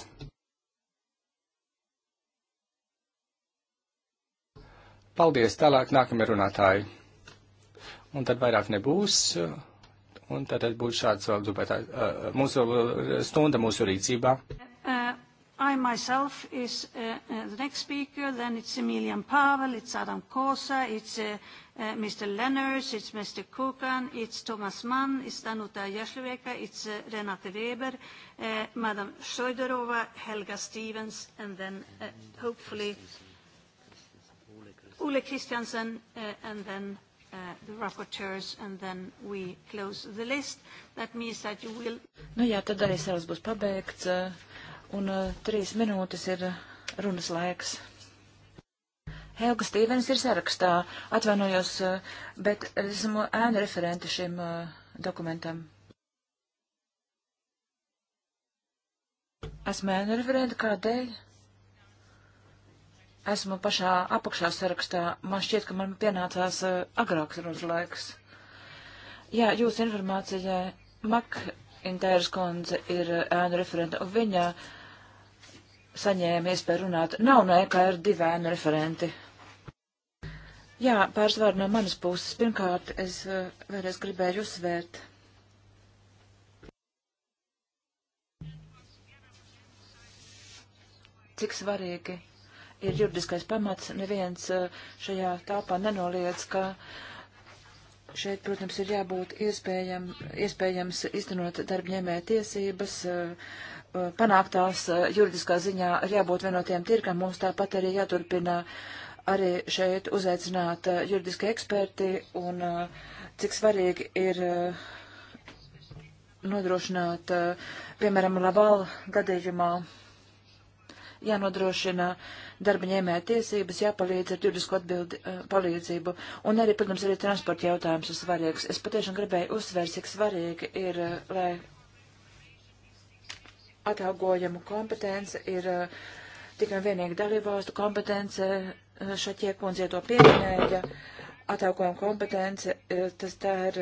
Paldies! Tālāk nākamie runātāji. Un tad vairāk nebūs. Uh, Un tad būs šāds vēl dubētā. Uh, mūsu uh, stunda mūsu rīcībā. Uh, I myself is uh, uh, the next speaker, then it's Emilian Pavel, it's Adam Kosa, it's uh, uh, Mr. Lenners, it's Mr. Kukan, it's Thomas Mann, it's Danuta Jasleveka, it's uh, Renate Weber, uh, Madam Sjöderova, Helga Stevens, and then uh, hopefully Ole Christiansen, uh, and then Uh, the rapporteurs, and then we close the list. That means that you will... Nu jā, tad arī sarunas būs pabeigts, uh, un uh, trīs minūtes ir runas laiks. Helga Stīvens ir sarakstā. Atvainojos, bet esmu ēnu referente šim dokumentam. Esmu ēnu referente kādēļ? esmu pašā apakšā sarakstā. Man šķiet, ka man pienācās uh, agrāks runas laiks. Jā, jūs informācijai Makintēras kundze ir eh, ēnu uh, referenta, un viņa saņēma iespēju runāt. Nav no EKR divi ēnu referenti. Jā, pāris vārdi no manas puses. Pirmkārt, es uh, vēlreiz gribēju uzsvērt. Cik svarīgi ir juridiskais pamats. Neviens eh, šajā tāpā nenoliedz, ka šeit, protams, ir jābūt iespējam, iespējams iztenot darbņēmē tiesības, eh, eh, panāktās juridiskā ziņā ir jābūt vienotiem tirkam. Mums tāpat arī jāturpina arī šeit uzaicināt juridiski eksperti un cik svarīgi ir nodrošināt, piemēram, labālu gadījumā jānodrošina darba ņēmēja tiesības, jāpalīdz ar juridisko atbildi, eh, palīdzību. Un arī, protams, arī transporta jautājums ir svarīgs. Es patiešām gribēju uzsvērt, cik svarīgi ir, eh, lai atalgojumu kompetence ir eh, tikai vienīgi dalībvalstu kompetence. Šaķie kundze to pieminēja. Atalgojumu kompetence, tas tā ir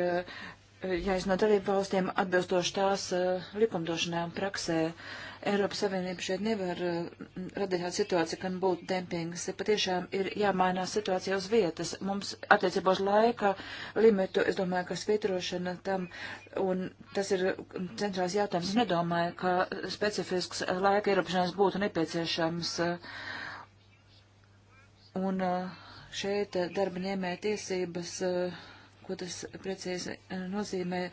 jāizno dalībvalstiem atbilstoši tās likumdošanām praksē. Uh, Eiropas Savienība šeit nevar eh, radīt tādu situāciju, ka būtu dempings. Patiešām ir jāmainās situācija uz vietas. Mums attiecībā uz laika limitu, es domāju, ka svītrošana tam, un tas ir centrāls jautājums, es nedomāju, ka specifisks laika ierobežojums būtu nepieciešams. Un eh, šeit darba ņēmē tiesības, eh, ko tas precīzi nozīmē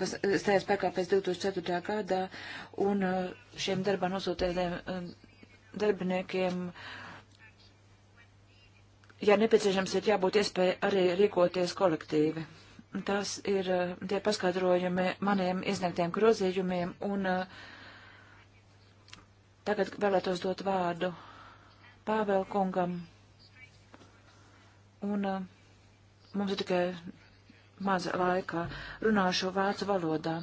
kas stājās spēkā pēc 2004. gadā, un uh, šiem darbā nosūtētiem um, darbiniekiem, ja nepieciešams, ir jābūt iespēja arī rīkoties kolektīvi. Tas ir uh, tie paskaidrojumi maniem izniegtiem grozījumiem, un uh, tagad vēlētos dot vārdu Pāvēl kungam. Un mums ir tikai maz laikā. Runāšu vācu valodā.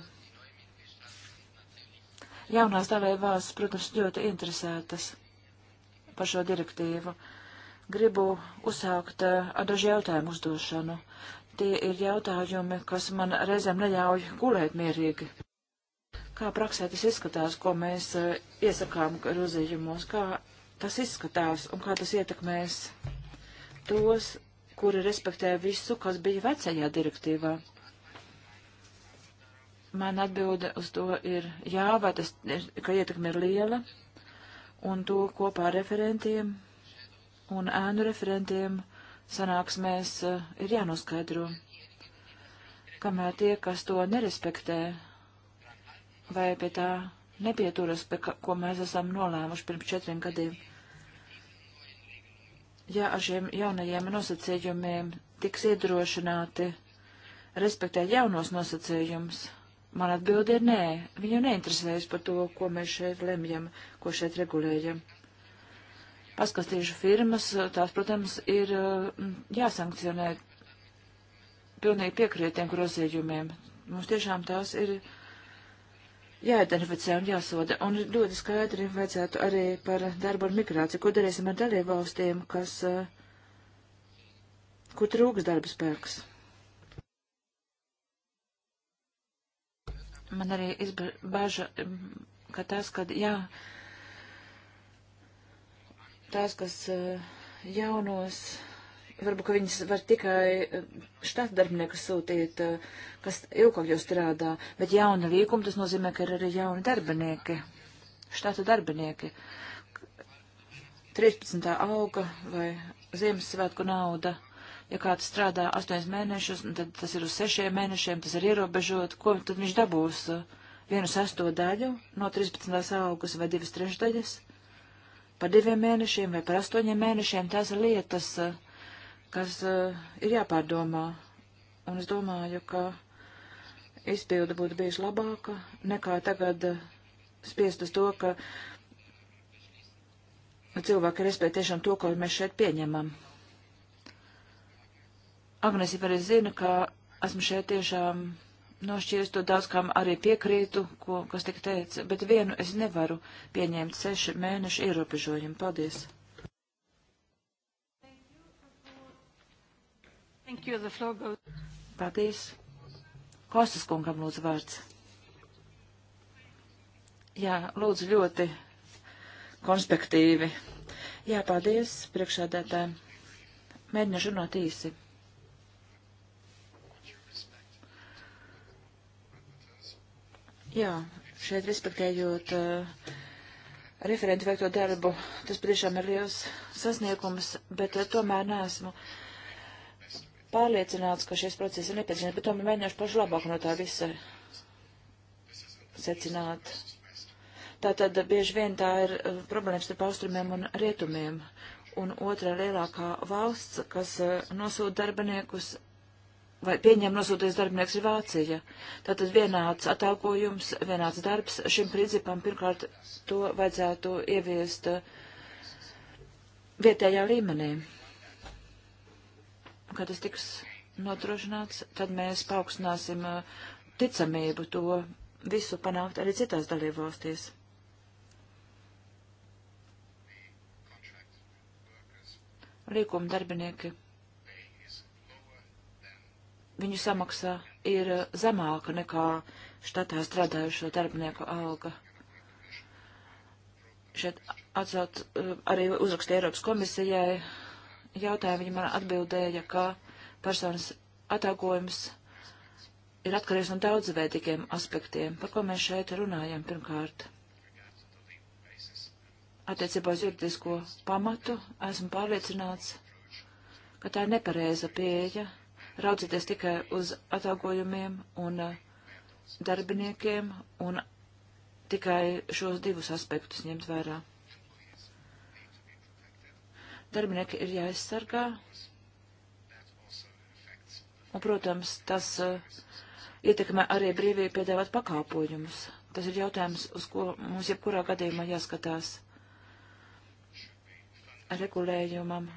Jaunās dalība valsts, protams, ļoti interesētas par šo direktīvu. Gribu uzsākt ar eh, dažu jautājumu uzdošanu. Tie ir jautājumi, kas man reizēm neļauj gulēt mierīgi. Kā praksē tas izskatās, ko mēs eh, iesakām grozījumos, kā tas izskatās un kā tas ietekmēs tos, kuri respektē visu, kas bija vecajā direktīvā. Man atbilde uz to ir jā, vai tas, ka ietekme ir liela, un to kopā ar referentiem un ēnu referentiem sanāksmēs eh, ir jānoskaidro, kamēr tie, kas to nerespektē, vai pie tā nepieturas, pie ko mēs esam nolēmuši pirms četriem gadiem ja ar šiem jaunajiem nosacījumiem tiks iedrošināti respektēt jaunos nosacījumus, man atbildi ir nē. Viņu neinteresējas par to, ko mēs šeit lemjam, ko šeit regulējam. Paskastīšu firmas, tās, protams, ir mm, jāsankcionē pilnīgi piekrietiem grozījumiem. Mums tiešām tās ir jāidentificē un jāsoda. Un ļoti skaidri vajadzētu arī par darbu ar migrāciju. Ko darīsim ar dalībvalstīm, kas, eh, kur trūks darba spēks? Man arī izbaža, mm, ka tas, kad, jā, tās, kas eh, jaunos varbūt, ka viņas var tikai eh, štata darbinieku sūtīt, eh, kas ilgāk jau strādā, bet jauna līguma tas nozīmē, ka ir arī jauni darbinieki, štata darbinieki. 13. auga vai Ziemassvētku nauda. Ja kāds strādā 8 mēnešus, tad tas ir uz 6 mēnešiem, tas ir ierobežot, ko tad viņš dabūs? Vienu sesto daļu no 13. augas vai divas trešdaļas? Par diviem mēnešiem vai par astoņiem mēnešiem tās ir lietas, uh, kas uh, ir jāpārdomā. Un es domāju, ka izpilda būtu bijusi labāka nekā tagad uh, spiest uz to, ka cilvēki respektē tiešām to, ko mēs šeit pieņemam. Agnesi arī zina, ka esmu šeit tiešām nošķīris to daudz, kam arī piekrītu, ko, kas tika teica, bet vienu es nevaru pieņemt seši mēnešu ierobežojumu. Paldies! Thank you, the floor goes. Paldies. Kostas kungam lūdzu vārds. Jā, lūdzu ļoti konspektīvi. Jā, paldies priekšādētājiem. Mēģināšu runāt īsi. Jā, šeit respektējot uh, referentu veikto darbu, tas patiešām ir liels sasniegums, bet uh, tomēr neesmu. Uh, pārliecināts, ka šis process ir nepieciešams, bet tomēr mēģināšu pašu labāk no tā visa secināt. Tātad bieži vien tā ir uh, problēmas starp austrumiem un rietumiem. Un otrā lielākā valsts, kas uh, nosūta darbiniekus vai pieņem nosūties darbinieks, ir Vācija. Tātad vienāds atalgojums, vienāds darbs. Šim principam pirmkārt to vajadzētu ieviest uh, vietējā līmenī kad tas tiks nodrošināts, tad mēs paaugstināsim uh, ticamību to visu panākt arī citās dalībvalstīs. Līkuma darbinieki, viņu samaksa ir uh, zemāka nekā štatā strādājušo darbinieku alga. Šeit atsaukt uh, arī uzrakstu Eiropas komisijai jautājumu, viņa man atbildēja, ka personas atalgojums ir atkarīgs no daudzveidīgiem aspektiem, par ko mēs šeit runājam pirmkārt. Attiecībā uz juridisko pamatu esmu pārliecināts, ka tā ir nepareiza pieeja raudzīties tikai uz atalgojumiem un eh, darbiniekiem un tikai šos divus aspektus ņemt vērā. Darbinieki ir jāaizsargā. Un, protams, tas uh, ietekmē arī brīvību piedāvāt pakāpojumus. Tas ir jautājums, uz ko mums jebkurā gadījumā jāskatās. Regulējumam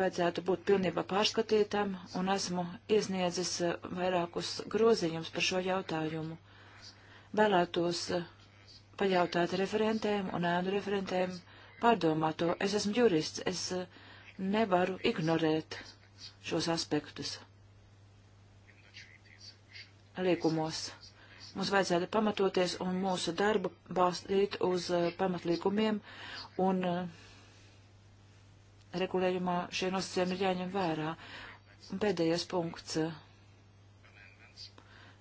vajadzētu būt pilnībā pārskatītam, un esmu iesniedzis eh, vairākus grozījumus par šo jautājumu. Vēlētos eh, pajautāt referentēm un ēnu referentēm pārdomāt to. Es esmu jurists, es eh, nevaru ignorēt šos aspektus liekumos. Mums vajadzētu pamatoties un mūsu darbu balstīt uz eh, pamatlīkumiem un eh, regulējumā šie nosacījumi ir jāņem vērā. Un pēdējais punkts.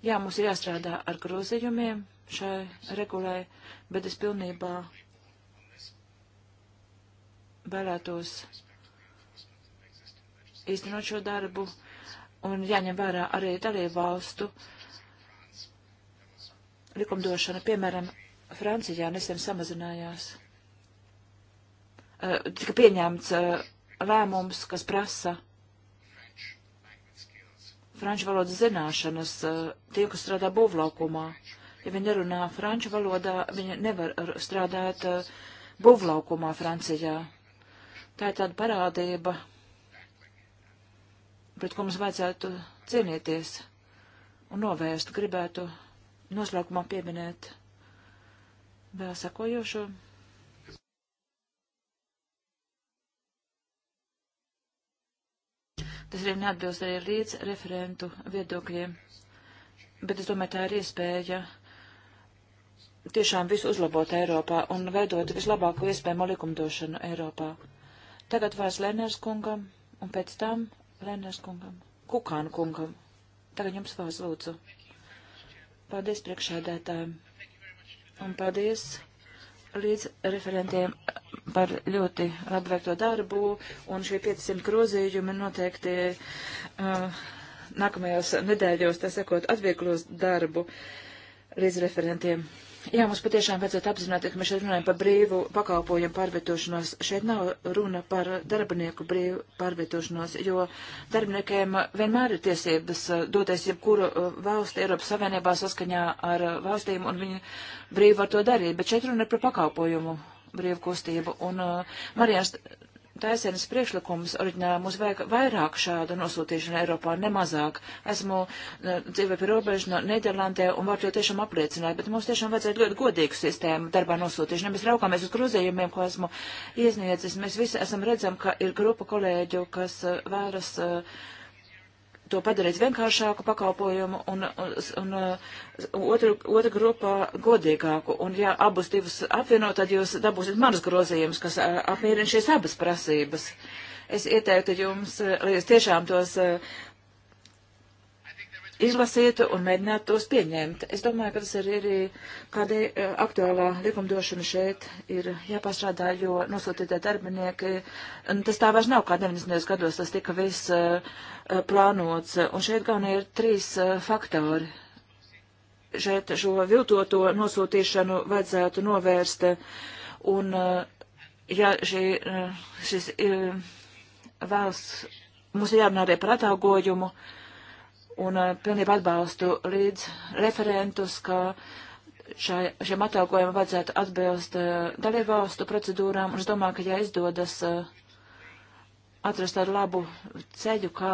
Jā, mums ir jāstrādā ar grozījumiem šai regulē, bet es pilnībā vēlētos īstenot šo darbu un jāņem vērā arī dalību valstu likumdošana. Piemēram, Francijā nesen samazinājās. Uh, tika pieņemts uh, lēmums, kas prasa franču valodas zināšanas uh, tie, kas strādā būvlaukumā. Ja viņi nerunā franču valodā, viņi nevar strādāt būvlaukumā Francijā. Tā ir tāda parādība, pret ko mums vajadzētu cīnīties un novērst. Gribētu noslēgumā pieminēt vēl sekojošo. Tas arī neatbilst arī līdz referentu viedokļiem, bet es domāju, tā ir iespēja tiešām visu uzlabot Eiropā un veidot vislabāko iespējamo likumdošanu Eiropā. Tagad vairs Leners kungam, un pēc tam Leners kungam, Kukāna kungam. Tagad jums vairs lūdzu. Paldies priekšādētājiem, un paldies līdz referentiem par ļoti labveikto darbu, un šie 500 grozījumi noteikti uh, nākamajās nedēļos, tā sakot, atvieglos darbu līdz referentiem. Jā, mums patiešām vajadzētu apzināties, ka mēs šeit runājam par brīvu pakalpojumu pārvietošanos. Šeit nav runa par darbinieku brīvu pārvietošanos, jo darbiniekiem vienmēr ir tiesības eh, doties jebkuru eh, valsti Eiropas Savienībā saskaņā ar eh, valstīm, un viņi brīvi var to darīt. Bet šeit runa ir par pakalpojumu brīvu kustību. Un uh, Marijas taisienas priekšlikumus oriģinālā mums vajag vairāk šādu nosūtīšanu Eiropā, nemazāk. Esmu eh, dzīvē pie robežas no Nīderlandē un varu to tiešām apliecināt, bet mums tiešām vajadzētu ļoti godīgu sistēmu darbā nosūtīšanu. Mēs raukāmies uz grozījumiem, ko esmu iesniedzis. Mēs visi esam redzam, ka ir grupa kolēģu, kas eh, vēras. Uh, eh, to padarīt vienkāršāku pakalpojumu un, un, un, un otru, otru grupā godīgāku. Un ja abus divus apvienot, tad jūs dabūsiet manus grozījumus, kas apmierina šīs abas prasības. Es ieteiktu jums, lai jūs tiešām tos uh, izlasītu un mēģinātu tos pieņemt. Es domāju, ka tas ir arī kādai eh, aktuālā likumdošana šeit ir jāpastrādā, jo nosūtītie darbinieki, tas tā vairs nav kā 90. gados, tas tika viss eh, plānots. Un šeit galvenie ir trīs eh, faktori. Šeit šo viltoto nosūtīšanu vajadzētu novērst. Un, ja šī, šis vēlas, mums ir jārunā arī par atalgojumu. Uh, un uh, pilnībā atbalstu līdz referentus, ka šai, šiem atalgojumam vajadzētu atbilst uh, dalībvalstu procedūrām, un es domāju, ka ja izdodas uh, atrast tādu labu ceļu, kā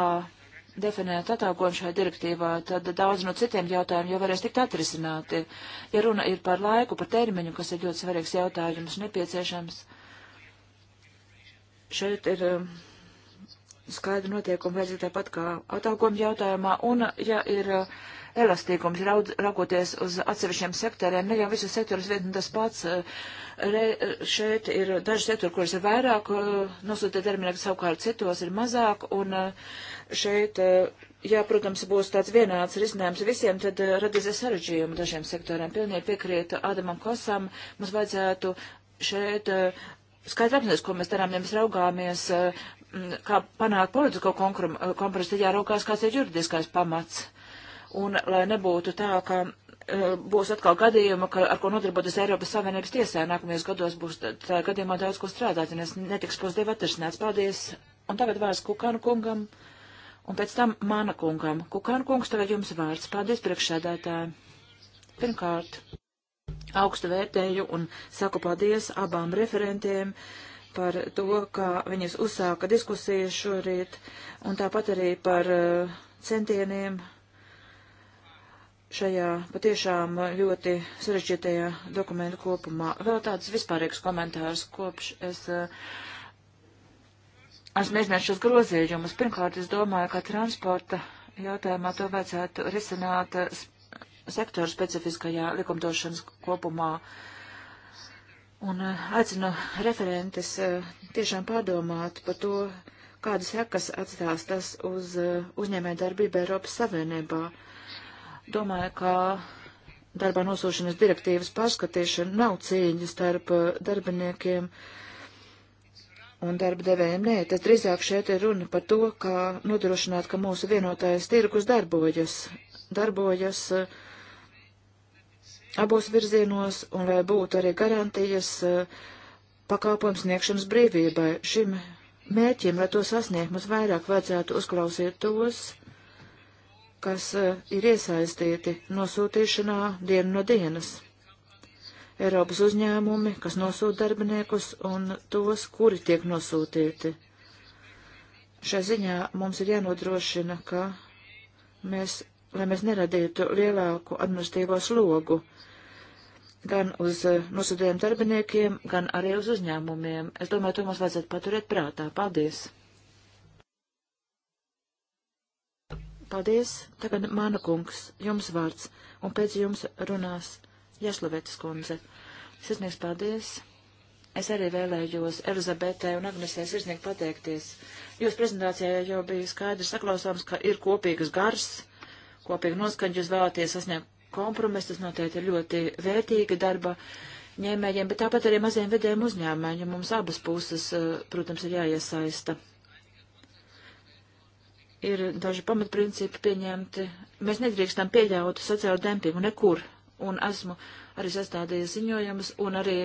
definēt atalgojumu šajā direktīvā, tad daudz no citiem jautājumiem jau varēs tikt atrisināti. Ja runa ir par laiku, par termiņu, kas ir ļoti svarīgs jautājums, nepieciešams, šeit ir. Uh, skaidru noteikumu vajadzētu tāpat kā atalgojuma jautājumā, un ja ir eh, elastīgums raud, raugoties uz atsevišķiem sektoriem, ne jau visus sektorus vien tas pats, eh, re, šeit ir daži sektori, kuras ir vairāk, eh, nosūtīt terminēki savukārt citos ir mazāk, un šeit, ja, protams, būs tāds vienāds risinājums visiem, tad radīsies sarežģījumi dažiem sektoriem. Pilnīgi piekrītu Ādamam Kosam, mums vajadzētu šeit skaidri apzināties, ko mēs darām, ja mēs raugāmies Mm, kā panākt politisko eh, kompromisu, ir jāraukās, kāds ir juridiskais pamats. Un lai nebūtu tā, ka eh, būs atkal gadījuma, ka, ar ko nodarboties Eiropas Savienības tiesā. Nākamajos gados būs tā gadījumā daudz ko strādāt, un es netiks pozitīvi atrisināts. Paldies! Un tagad vārds Kukanu kungam, un pēc tam mana kungam. Kukanu kungs, tagad jums vārds. Paldies priekšsēdētāji! Pirmkārt, augstu vērtēju un saku paldies abām referentēm par to, kā viņas uzsāka diskusijas šorīt, un tāpat arī par eh, centieniem šajā patiešām ļoti sarežģītajā dokumentu kopumā. Vēl tāds vispārīgs komentārs kopš es. Eh, es mēģināju šos grozījumus. Pirmkārt, es domāju, ka transporta jautājumā to vajadzētu risināt eh, sektoru specifiskajā likumdošanas kopumā. Uh, Un eh, aicinu referentes eh, tiešām pārdomāt par to, kādas sekas atstās tas uz eh, uzņēmē darbību Eiropas Savienībā. Domāju, ka darbā nosūšanas direktīvas pārskatīšana nav cīņa starp darbiniekiem un darba devējiem. Nē, tas drīzāk šeit ir runa par to, kā nodrošināt, ka mūsu vienotais tirgus darbojas, darbojas uh, abos virzienos un lai būtu arī garantijas eh, pakāpojums sniegšanas brīvībai. Šim mērķim, lai to sasniegt, mums vairāk vajadzētu uzklausīt tos, kas eh, ir iesaistīti nosūtīšanā dienu no dienas. Eiropas uzņēmumi, kas nosūta darbiniekus un tos, kuri tiek nosūtīti. Šai ziņā mums ir jānodrošina, ka mēs lai mēs neradītu lielāku administratīvo slogu gan uz eh, nosūtījiem darbiniekiem, gan arī uz uzņēmumiem. Es domāju, to mums vajadzētu paturēt prātā. Paldies! Paldies! Tagad mana kungs, jums vārds, un pēc jums runās Jaslovetas kundze. Sirsnieks paldies! Es arī vēlējos Elizabetē un Agnesē sirsnīgi pateikties. Jūs prezentācijā jau bija skaidrs saklausāms, ka ir kopīgas gars kopīgi noskaņu, jūs vēlaties sasniegt kompromisu, tas noteikti ir ļoti vērtīga darba ņēmējiem, bet tāpat arī maziem vidējiem uzņēmējiem, jo mums abas puses, eh, protams, ir jāiesaista. Ir daži pamatprincipi pieņemti. Mēs nedrīkstam pieļaut sociālo dempingu nekur un esmu arī sastādījis ziņojumus, un arī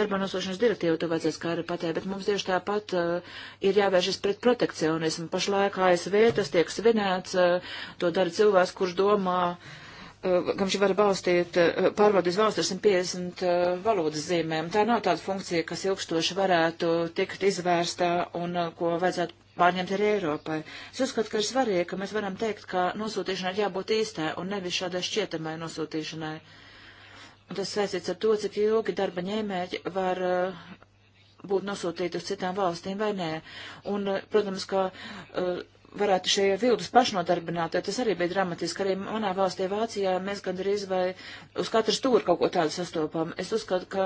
darba nosošanas direktīvu to vajadzēs kā arī pateikt, bet mums tieši tāpat uh, ir jāvēršas pret protekcionismu. Pašlaik ASV tas tiek svinēts, uh, to dara cilvēks, kurš domā, uh, Eh, kam šī var balstīt eh, pārvaldes valsts ar 150 eh, valodas zīmēm. Tā nav tāda funkcija, kas ilgstoši varētu tikt izvērstā un ko vajadzētu pārņemt arī Eiropai. Es uzskatu, ka ir svarīgi, ka mēs varam teikt, ka nosūtīšanai jābūt īstai un nevis šādai šķietamai nosūtīšanai. Un tas saistīts ar to, cik ilgi darba ņēmēji var būt nosūtīti uz citām valstīm vai nē. Un, protams, ka uh, varētu šie vildus pašnodarbinātie, tas arī bija dramatiski. Arī manā valstī Vācijā mēs gandrīz vai uz katru stūri kaut ko tādu sastopam. Es uzskatu, ka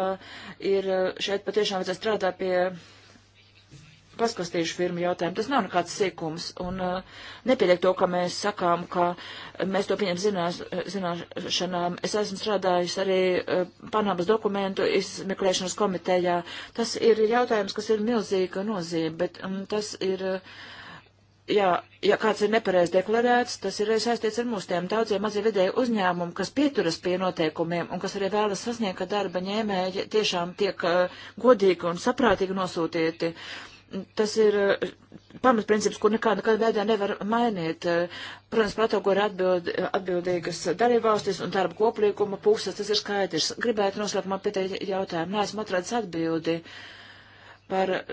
ir eh, šeit patiešām vajadzētu strādāt pie paskastījuši firmu jautājumu. Tas nav nekāds sīkums, un uh, nepietiek to, ka mēs sakām, ka mēs to pieņem zinās, zināšanām. Es esmu strādājis arī uh, Panamas dokumentu izmeklēšanas komitejā. Tas ir jautājums, kas ir milzīga nozīme, bet um, tas ir. Uh, jā, ja kāds ir nepareizi deklarēts, tas ir saistīts ar mūsu tiem daudziem mazie vidēji uzņēmumi, kas pieturas pie noteikumiem un kas arī vēlas sasniegt, ka darba ņēmēji tiešām tiek uh, godīgi un saprātīgi nosūtīti. Tas ir uh, pamatprincips, kur nekāda nekād veidā nevar mainīt. Uh, protams, par to, ko ir atbild, atbildīgas darībvalstis un darba koplīguma puses, tas ir skaidrs. Gribētu noslēgumā pieteikt jautājumu. Nē, esmu atradis atbildi. Uh, par, eh,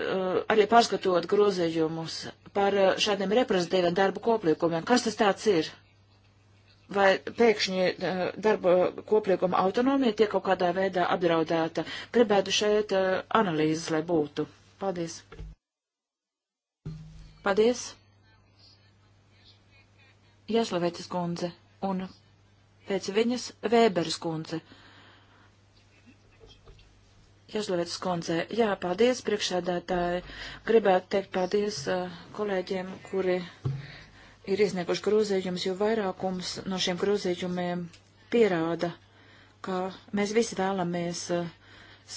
arī pārskatot grozījumus par eh, šādiem reprezentatīviem darbu koplīkumiem. Kas tas tāds ir? vai pēkšņi eh, darba koprieguma autonomija tiek kaut kādā veidā apdraudēta. Gribētu šeit analīzes, lai būtu. Paldies. Paldies. Jāslavētas kundze un pēc viņas Vēberis kundze. Jozlovets kundze, jā, paldies priekšsēdētāji. Gribētu teikt paldies uh, kolēģiem, kuri ir iesnieguši grozījumus, jo vairākums no šiem grozījumiem pierāda, ka mēs visi vēlamies uh,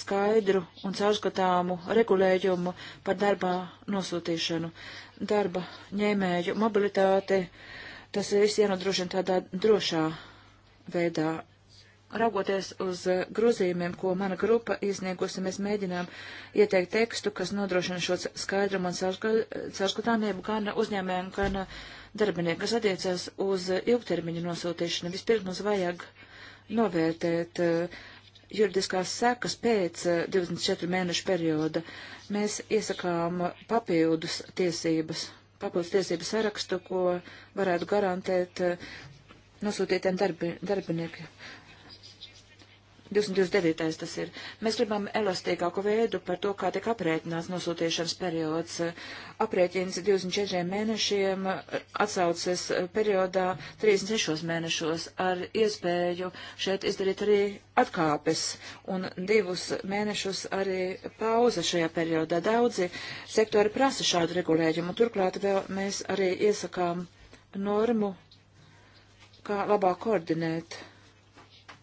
skaidru un caurskatāmu regulējumu par darbā nosūtīšanu, darba ņēmēju mobilitāti. Tas viss jānodrošina tādā drošā veidā Raugoties uz eh, grozījumiem, ko mana grupa iesniegusi, mēs mēģinām ieteikt tekstu, kas nodrošina šo skaidrumu un caurskatāmību gan uzņēmējiem, gan eh, darbiniekiem, kas attiecas uz eh, ilgtermiņu nosūtīšanu. Vispirms mums vajag novērtēt uh, juridiskās sekas pēc 24 mēnešu perioda, mēs iesakām papildus tiesības, papildus tiesības sarakstu, ko varētu garantēt nosūtītiem darbi, darbiniekiem. 229. tas ir. Mēs gribam elastīgāku veidu par to, kā tiek aprēķināts nosūtīšanas periods. Aprēķins 24 mēnešiem atsaucas periodā 36 mēnešos ar iespēju šeit izdarīt arī atkāpes un divus mēnešus arī pauze šajā periodā. Daudzi sektori prasa šādu regulējumu. Turklāt vēl mēs arī iesakām normu, kā labāk koordinēt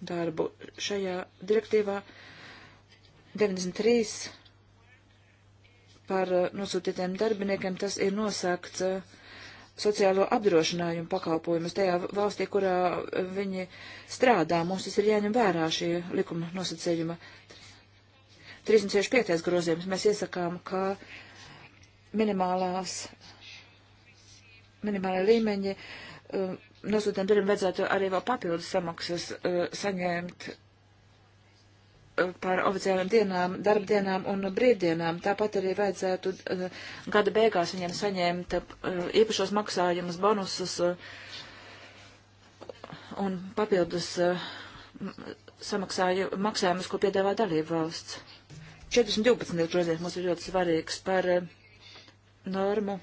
darbu šajā direktīvā 93 par uh, nosūtītiem darbiniekiem. Tas ir nosākts uh, sociālo apdrošinājumu pakalpojumus tajā valstī, kurā uh, viņi strādā. Mums tas ir jāņem vērā šī likuma nosacījuma. 365. grozījums mēs iesakām, ka minimālās, minimālai līmeņi uh, nosūtiem biriem vajadzētu arī vēl papildus samaksas uh, saņemt uh, par oficiālām dienām, darbdienām un brīvdienām. Tāpat arī vajadzētu uh, gada beigās viņiem saņemt īpašos maksājumus, bonusus un papildus samaksāju, maksājumus, ko piedāvā dalību valsts. 412. grozījums mums ir ļoti svarīgs par normu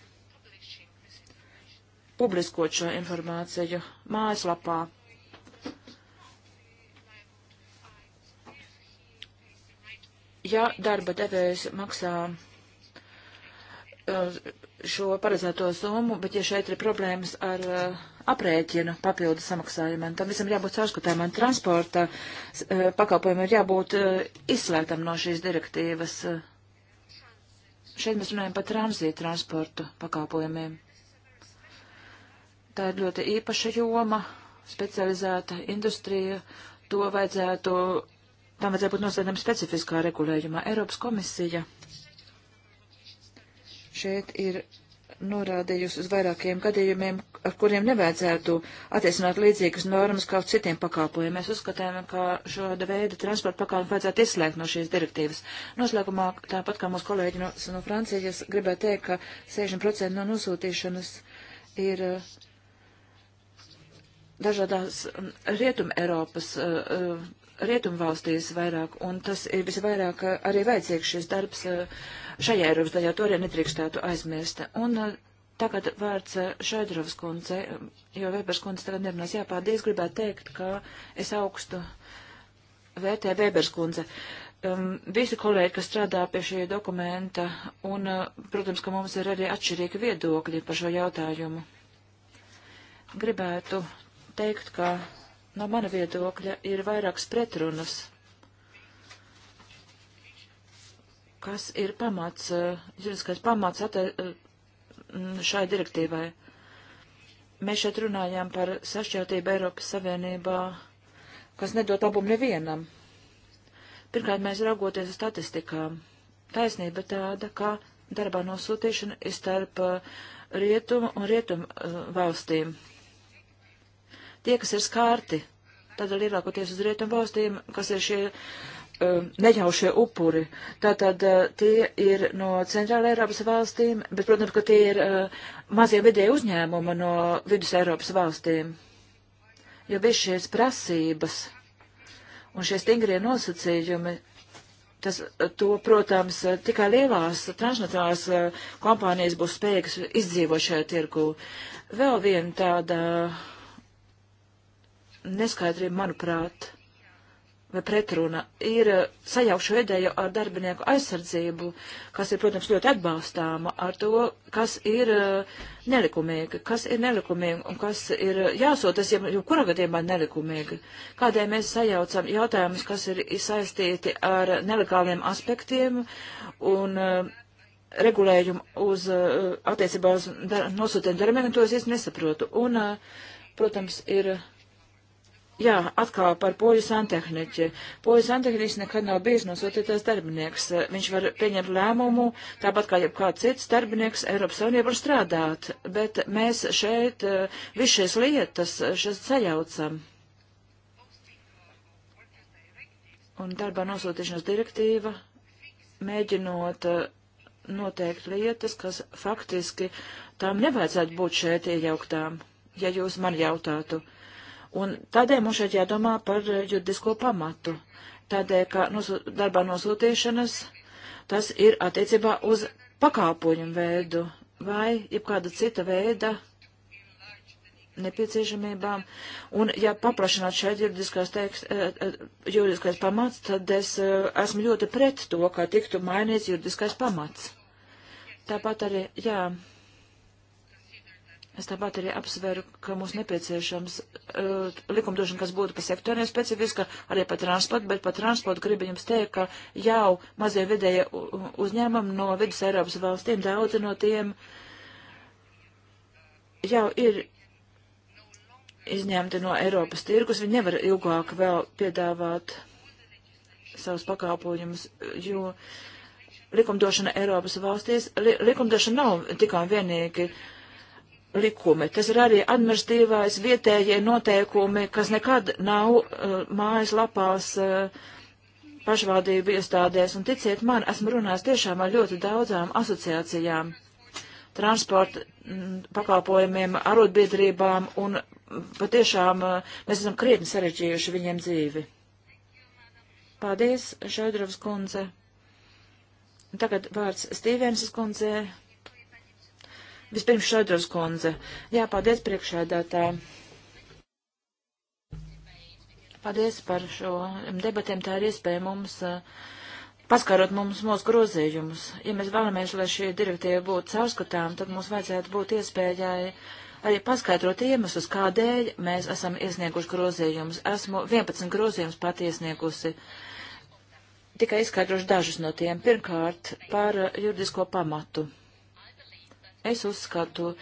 publiskot šo informāciju mājaslapā. Ja darba devējs maksā uh, šo paredzēto summu, bet ja šeit ir problēmas ar uh, aprēķinu papildu samaksājumiem, tam visam jābūt caurskatāmam transporta uh, pakalpojumam ir jābūt uh, izslēgtam no šīs direktīvas. Šeit mēs runājam par tranzītu transportu pakalpojumiem. Tā ir ļoti īpaša joma, specializēta industrija. To vajadzētu, tam vajadzētu būt noslēdam specifiskā regulējumā. Eiropas komisija šeit ir norādījusi uz vairākiem gadījumiem, ar kuriem nevajadzētu attiecināt līdzīgas normas kā uz citiem pakāpojumiem. Mēs uzskatām, ka šāda veida transporta pakāpojumu vajadzētu izslēgt no šīs direktīvas. Noslēgumā, tāpat kā mūsu kolēģi no, no Francijas, gribētu teikt, ka 60% no nosūtīšanas ir uh, dažādās um, Rietuma Eiropas, uh, uh, Rietuma valstīs vairāk, un tas ir visvairāk uh, arī vajadzīgs šis darbs šajā Eiropas daļā, to arī nedrīkstētu aizmirst. Un tagad vārds Šaidrovas kundze, um, jo Vēbers kundze tagad nerunās. Jā, paldies, gribētu teikt, ka es augstu vērtē Vēbers kundze. Um, visi kolēģi, kas strādā pie šī dokumenta, un, protams, ka mums ir arī atšķirīgi viedokļi par šo jautājumu. Gribētu teikt, ka no mana viedokļa ir vairākas pretrunas, kas ir pamats, eh, juridiskais pamats atē, eh, šai direktīvai. Mēs šeit runājām par sašķeltību Eiropas Savienībā, kas nedod labumu nevienam. Pirmkārt, mēs raugoties uz statistikām. Taisnība tāda, ka darbā nosūtīšana ir starp eh, rietumu un rietumu valstīm tie, kas ir skārti, tad ir lielākoties uz rietumu valstīm, kas ir šie uh, neļaušie upuri. Tātad uh, tie ir no centrāla Eiropas valstīm, bet, protams, ka tie ir uh, mazie vidēji uzņēmumi no vidus Eiropas valstīm. Jo viss šīs prasības un šie stingrie nosacījumi tas, uh, to, protams, uh, tikai lielās transnacionālās uh, kompānijas būs spējīgas izdzīvot šajā tirgu. Vēl viena tāda neskaidrība, manuprāt, vai pretruna ir eh, sajaukšu ideju ar darbinieku aizsardzību, kas ir, protams, ļoti atbalstāma ar to, kas ir eh, nelikumīgi, kas ir nelikumīgi un kas ir eh, jāsotas, ja kurā gadījumā nelikumīgi. Kādēļ mēs sajaucam jautājumus, kas ir saistīti ar nelegāliem aspektiem un regulējumu uz attiecībā uz dar, nosūtiem darbiniekiem, to es īsti nesaprotu. Un, protams, ir Jā, atkal par poļu santehniķi. Poļu santehniķis nekad nav bijis nosūtītais darbinieks. Viņš var pieņemt lēmumu, tāpat kā jebkāds cits darbinieks Eiropas Savienībā strādāt. Bet mēs šeit eh, visu šīs lietas šeit sajaucam. Un darbā nosūtīšanas direktīva, mēģinot eh, noteikt lietas, kas faktiski tām nevajadzētu būt šeit iejauktāām, ja jūs man jautātu. Uh, Un tādēļ mums šeit jādomā par juridisko pamatu. Tādēļ, ka nosū, darbā nosūtīšanas tas ir attiecībā uz pakāpoņu veidu vai jebkāda cita veida nepieciešamībām. Un, ja paplašināt šeit juridiskās teiks, eh, eh, juridiskais pamats, tad es eh, esmu ļoti pret to, ka tiktu mainīts juridiskais pamats. Tāpat arī, jā. Es tāpat arī apsveru, ka mums nepieciešams uh, likumdošana, kas būtu pa sektoriem specifiska, arī pa transportu, bet pa transportu gribu jums teikt, ka jau mazie vidēja uzņēmumi no vidus Eiropas valstīm, daudzi no tiem jau ir izņemti no Eiropas tirgus, viņi nevar ilgāk vēl piedāvāt savus pakalpojumus, jo likumdošana Eiropas valstīs, li likumdošana nav tikai vienīgi. Uh, likumi. Tas ir arī administratīvais vietējie noteikumi, kas nekad nav uh, mājas lapās uh, pašvaldību iestādēs. Un ticiet man, esmu runājis tiešām ar ļoti daudzām asociācijām, transporta mm, pakalpojumiem, arotbiedrībām, un patiešām uh, mēs esam krietni sarežģījuši viņiem dzīvi. Paldies, Šaidrovs kundze. Tagad vārds Stīvensas kundzei. Vispirms Šodros kundze. Jā, paldies priekšēdētāji. Paldies par šo debatēm. Tā ir iespēja mums eh, paskarot mums mūsu grozījumus. Ja mēs vēlamies, lai šī direktīva būtu caurskatām, tad mums vajadzētu būt iespējai arī paskaidrot iemeslus, kādēļ mēs esam iesnieguši grozījumus. Esmu 11 grozījumus pat iesniegusi. Tikai izskaidrošu dažus no tiem. Pirmkārt, par eh, juridisko pamatu. Es uzskatu,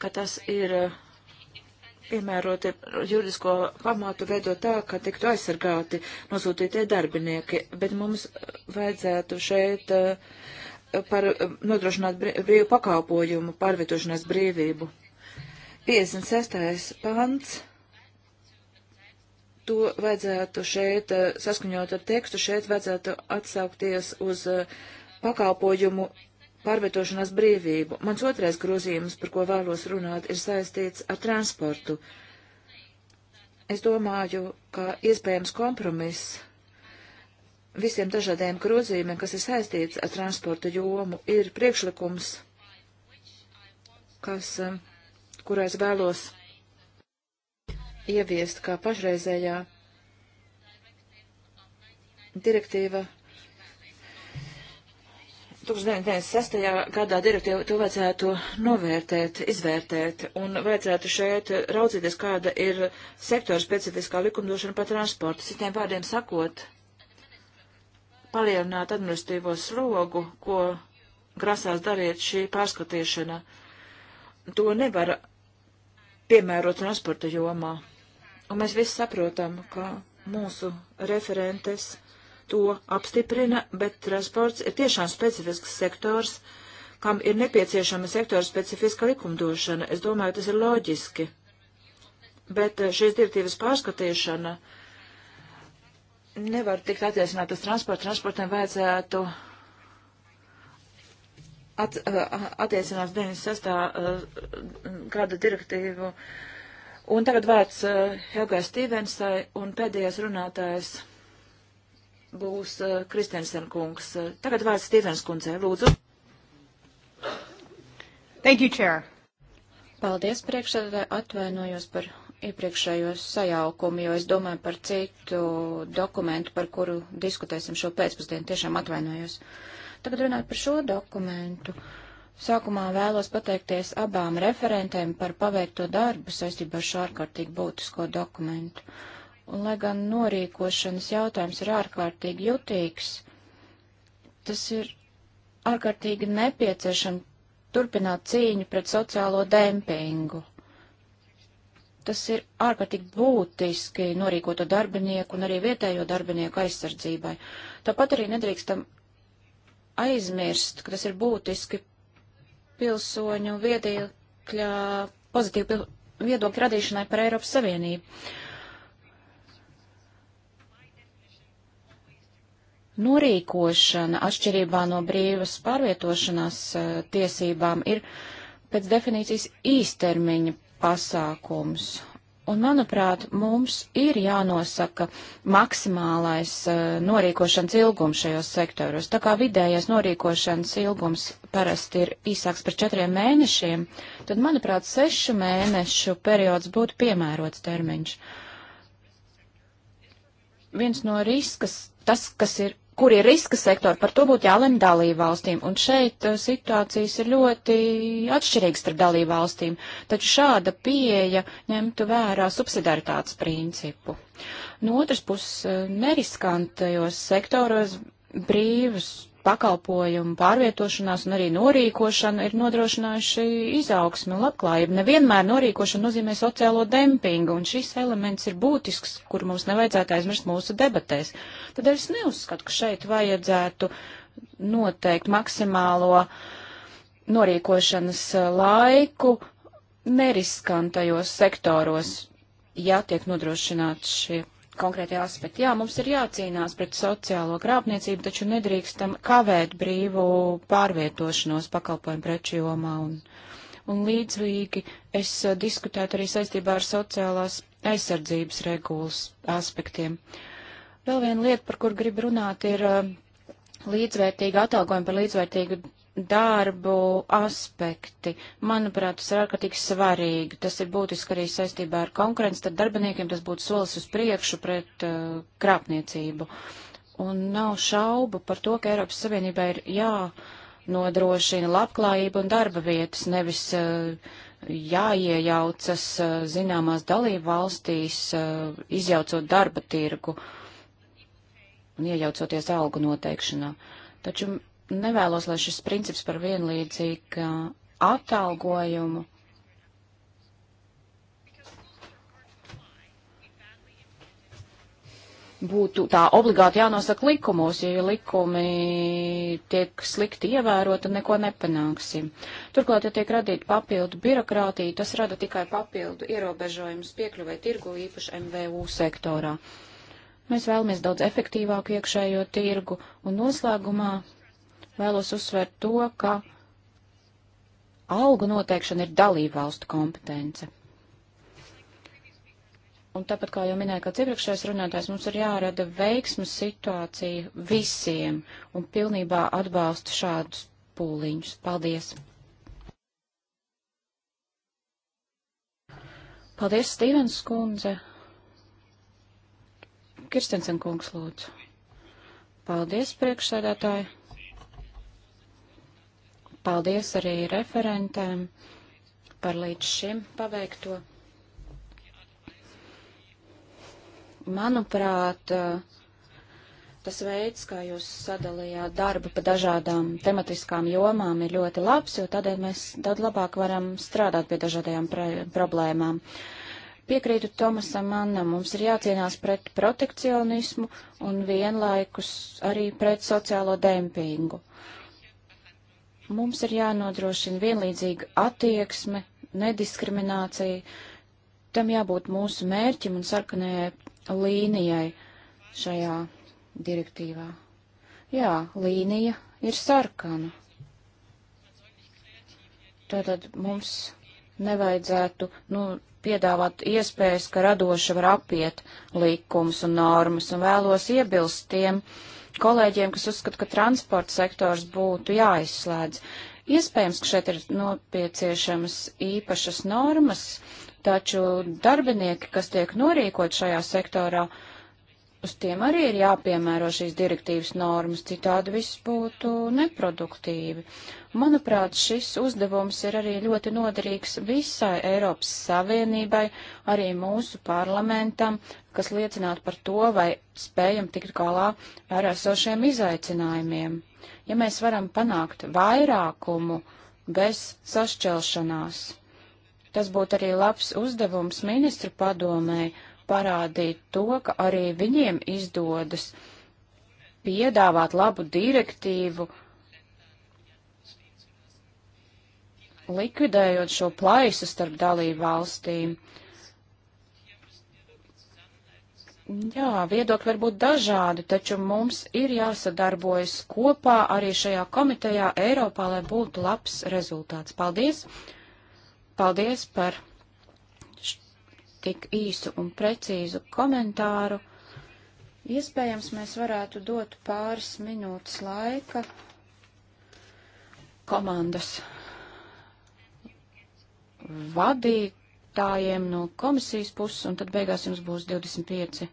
ka tas ir eh, piemēroti juridisko pamatu veidot tā, ka tiktu aizsargāti nosūtītie darbinieki, bet mums vajadzētu šeit eh, par eh, nodrošināt brīvu pakalpojumu, pārvietošanās brīvību. 56. pants. To vajadzētu šeit saskaņot ar tekstu, šeit vajadzētu atsaukties uz pakalpojumu pārvietošanās brīvību. Mans otrais grozījums, par ko vēlos runāt, ir saistīts ar transportu. Es domāju, ka iespējams kompromiss visiem dažādiem grozījumiem, kas ir saistīts ar transporta jomu, ir priekšlikums, kas, eh, kurā es vēlos ieviest kā pašreizējā direktīva 1996. gadā direktīvu to vajadzētu novērtēt, izvērtēt, un vajadzētu šeit raudzīties, kāda ir sektora specifiskā likumdošana par transportu. Citiem vārdiem sakot, palielināt administratīvo slogu, ko grasās darīt šī pārskatīšana, to nevar piemērot transporta jomā. Un mēs visi saprotam, ka mūsu referentes to apstiprina, bet transports ir tiešām specifisks sektors, kam ir nepieciešama sektora specifiska likumdošana. Es domāju, tas ir loģiski. Bet eh, šīs direktīvas pārskatīšana nevar tikt attiecināt uz transportu. Transportam vajadzētu at, eh, attiecināt 96. Eh, gada direktīvu. Un tagad vārds Helgai Stīvensai un pēdējais runātājs būs uh, Kristensen kungs. Eh, tagad vārds Stīvens kundzei, lūdzu. Thank you, Chair. Paldies, priekšsēdētāji, atvainojos par iepriekšējo sajaukumu, jo es domāju par citu dokumentu, par kuru diskutēsim šo pēcpusdienu. Tiešām atvainojos. Tagad runāt par šo dokumentu. Sākumā vēlos pateikties abām referentēm par paveikto darbu saistībā ar šo ārkārtīgi būtisko dokumentu. Uh, Un, lai gan norīkošanas jautājums ir ārkārtīgi jutīgs, tas ir ārkārtīgi nepieciešams turpināt cīņu pret sociālo dempingu. Tas ir ārkārtīgi būtiski norīkoto darbinieku un arī vietējo darbinieku aizsardzībai. Tāpat arī nedrīkstam aizmirst, ka tas ir būtiski pilsoņu viedokļa, pozitīvu viedokļu radīšanai par Eiropas Savienību. norīkošana, atšķirībā no brīvas pārvietošanās eh, tiesībām, ir pēc definīcijas īstermiņa pasākums. Un, manuprāt, mums ir jānosaka maksimālais eh, norīkošanas ilgums šajos sektoros. Tā kā vidējais norīkošanas ilgums parasti ir īsāks par četriem mēnešiem, tad, manuprāt, sešu mēnešu periods būtu piemērots termiņš. Viens no riskas, tas, kas ir kur ir riska sektori, par to būtu jālem dalībvalstīm. Un šeit uh, situācijas ir ļoti atšķirīgas starp dalībvalstīm, taču šāda pieeja ņemtu vērā subsidaritātes principu. No otras puses, uh, neriskantajos sektoros brīvas pakalpojumu pārvietošanās un arī norīkošana ir nodrošinājuši izaugsmi un labklājību. Nevienmēr norīkošana nozīmē sociālo dempingu, un šis elements ir būtisks, kur mums nevajadzētu aizmirst mūsu debatēs. Tad es neuzskatu, ka šeit vajadzētu noteikt maksimālo norīkošanas laiku neriskantajos sektoros, ja tiek nodrošināts šie konkrētie aspekti. Jā, mums ir jācīnās pret sociālo krāpniecību, taču nedrīkstam kavēt brīvu pārvietošanos pakalpojumu preču jomā. Un, un līdzīgi es eh, diskutētu arī saistībā ar sociālās aizsardzības regulas aspektiem. Vēl viena lieta, par kur grib runāt, ir eh, līdzvērtīga atalgojuma par līdzvērtīgu darbu aspekti. Manuprāt, tas ir ārkārtīgi svarīgi. Tas ir būtiski arī saistībā ar konkurenci. Tad darbiniekiem tas būtu solis uz priekšu pret uh, krāpniecību. Un nav šaubu par to, ka Eiropas Savienībā ir jānodrošina labklājība un darba vietas, nevis uh, jāiejaucas uh, zināmās dalību valstīs, uh, izjaucot darba tirgu un iejaucoties algu noteikšanā. Taču nevēlos, lai šis princips par vienlīdzīgu uh, atalgojumu būtu tā obligāti jānosaka likumos, ja likumi tiek slikti ievērot un neko nepanāksim. Turklāt, ja tiek radīta papildu birokrātija, tas rada tikai papildu ierobežojumus piekļuvai tirgu īpaši MVU sektorā. Mēs vēlamies daudz efektīvāku iekšējo tirgu un noslēgumā vēlos uzsvērt to, ka algu noteikšana ir dalību valstu kompetence. Un tāpat kā jau minēja kāds iepriekšējais runātājs, mums ir jārada veiksmas situācija visiem un pilnībā atbalsta šādus pūliņus. Paldies! Paldies, Stīvens kundze! Kirstensen kungs lūdzu. Paldies, priekšsēdētāji! Paldies arī referentēm par līdz šim paveikto. Manuprāt, tas veids, kā jūs sadalījāt darbu pa dažādām tematiskām jomām, ir ļoti labs, jo tādēļ mēs daudz labāk varam strādāt pie dažādajām problēmām. Piekrītu Tomasam Annam, mums ir jācīnās pret protekcionismu un vienlaikus arī pret sociālo dempingu. Mums ir jānodrošina vienlīdzīga attieksme, nediskriminācija. Tam jābūt mūsu mērķim un sarkanajai līnijai šajā direktīvā. Jā, līnija ir sarkana. Tātad mums nevajadzētu nu, piedāvāt iespējas, ka radoši var apiet likums un normas, un vēlos iebilst tiem, uh, kolēģiem, kas uzskata, ka transporta sektors būtu jāizslēdz. Iespējams, ka šeit ir nepieciešamas īpašas normas, taču darbinieki, kas tiek norīkot šajā sektorā, uh, uz tiem arī ir jāpiemēro šīs direktīvas normas, citādi viss būtu neproduktīvi. Manuprāt, šis uzdevums ir arī ļoti noderīgs visai Eiropas Savienībai, arī mūsu parlamentam, kas liecinātu par to, vai spējam tikt galā ar esošiem izaicinājumiem. Ja mēs varam panākt vairākumu bez sašķelšanās, tas būtu arī labs uzdevums ministru padomēji parādīt to, ka arī viņiem izdodas piedāvāt labu direktīvu, likvidējot šo plaisu starp dalību valstīm. Jā, viedokļi var būt dažādi, taču mums ir jāsadarbojas kopā arī šajā komitejā Eiropā, lai būtu labs rezultāts. Paldies! Paldies par tik īsu un precīzu komentāru. Iespējams, mēs varētu dot pāris minūtes laika komandas vadītājiem no komisijas puses, un tad beigās jums būs 25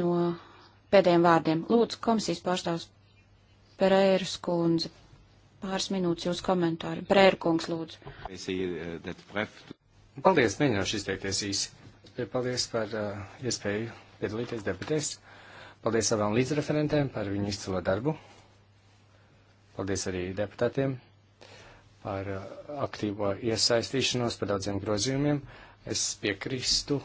no pēdējiem vārdiem. Lūdzu, komisijas pārstāvs Pereiras kundze, pāris minūtes jūs komentāri. Pereira kungs, lūdzu. Paldies, mēģināšu izteikties īsi. Paldies par uh, iespēju piedalīties debatēs. Paldies savām līdzreferentēm par viņu izcilo darbu. Paldies arī deputātiem par uh, aktīvo iesaistīšanos, par daudziem grozījumiem. Es piekrīstu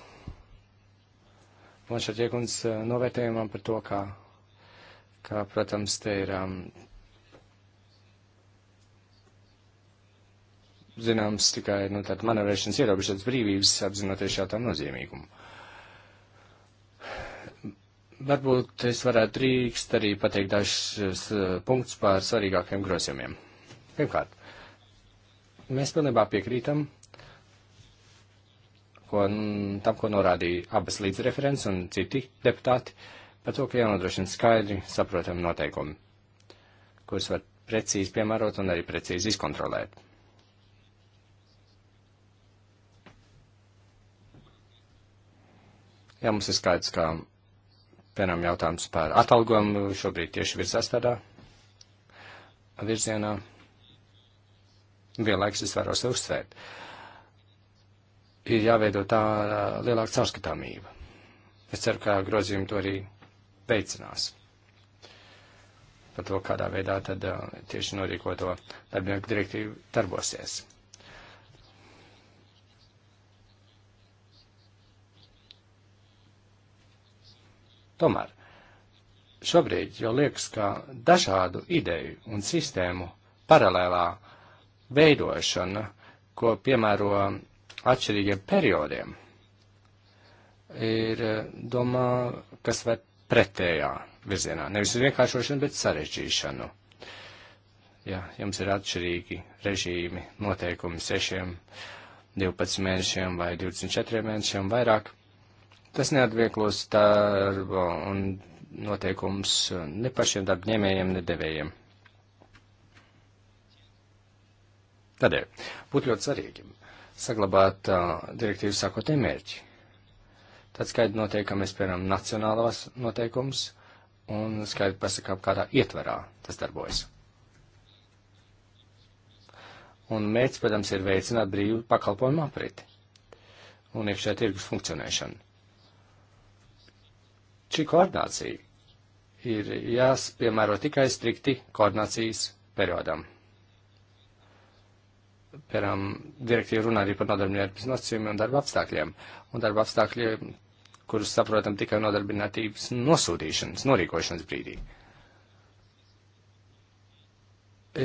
Lanšatiekuns uh, novērtējumam par to, kā, kā protams, te ir um, zināms tikai nu, manevrēšanas ierobežotas brīvības, apzinoties šādām nozīmīgumu. Varbūt es varētu drīkst arī pateikt dažus punktus par svarīgākiem grozījumiem. Pirmkārt, mēs pilnībā piekrītam ko, tam, ko norādīja abas līdzreferents un citi deputāti, par to, ka jānodrošina skaidri saprotami noteikumi, kurus var precīzi piemērot un arī precīzi izkontrolēt. Jā, mums ir skaidrs, ka, piemēram, jautājums par atalgojumu šobrīd tieši virzās tādā virzienā. Vienlaiks es varu uzsvērt. Ir jāveido tā lielāka caurskatāmība. Es ceru, ka grozījumi to arī veicinās. Par to, kādā veidā tad tieši norīkoto darbinieku direktīvu darbosies. Tomēr šobrīd jau liekas, ka dažādu ideju un sistēmu paralēlā veidošana, ko piemēro atšķirīgiem periodiem, ir domā, kas var pretējā virzienā. Nevis vienkāršošanu, bet sarežģīšanu. Ja jums ir atšķirīgi režīmi, noteikumi sešiem, 12 mēnešiem vai 24 mēnešiem vairāk, Tas neatvieglos darba un noteikums ne pašiem darbņēmējiem, ne devējiem. Tādēļ būtu ļoti svarīgi saglabāt uh, direktīvu sākotnēji mērķi. Tad skaidri noteikti, ka mēs pieņemam nacionālās noteikums un skaidri pasakām, kādā ietverā tas darbojas. Un mērķis, protams, ir veicināt brīvu pakalpojumu apriti un iekšē tirgus funkcionēšanu. Šī koordinācija ir jāspiemēro tikai strikti koordinācijas periodam. Piemēram, direktīva runā arī par nodarbinātības nosacījumiem un darba apstākļiem. Un darba apstākļi, kurus saprotam tikai nodarbinātības nosūtīšanas, norīkošanas brīdī.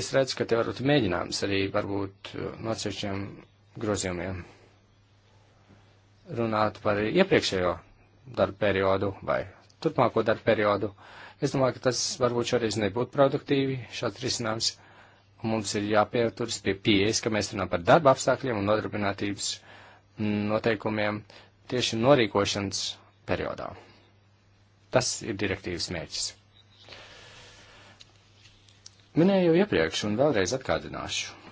Es redzu, ka te varbūt mēģinājums arī varbūt uh, no atsevišķiem grozījumiem runāt par iepriekšējo darba periodu vai turpmāko darbu periodu. Es domāju, ka tas varbūt šoreiz nebūtu produktīvi, šāds risinājums. Mums ir jāpieturas pie pieejas, ka mēs runājam par darba apstākļiem un nodarbinātības noteikumiem tieši norīkošanas periodā. Tas ir direktīvas mērķis. Minēju jau iepriekš un vēlreiz atgādināšu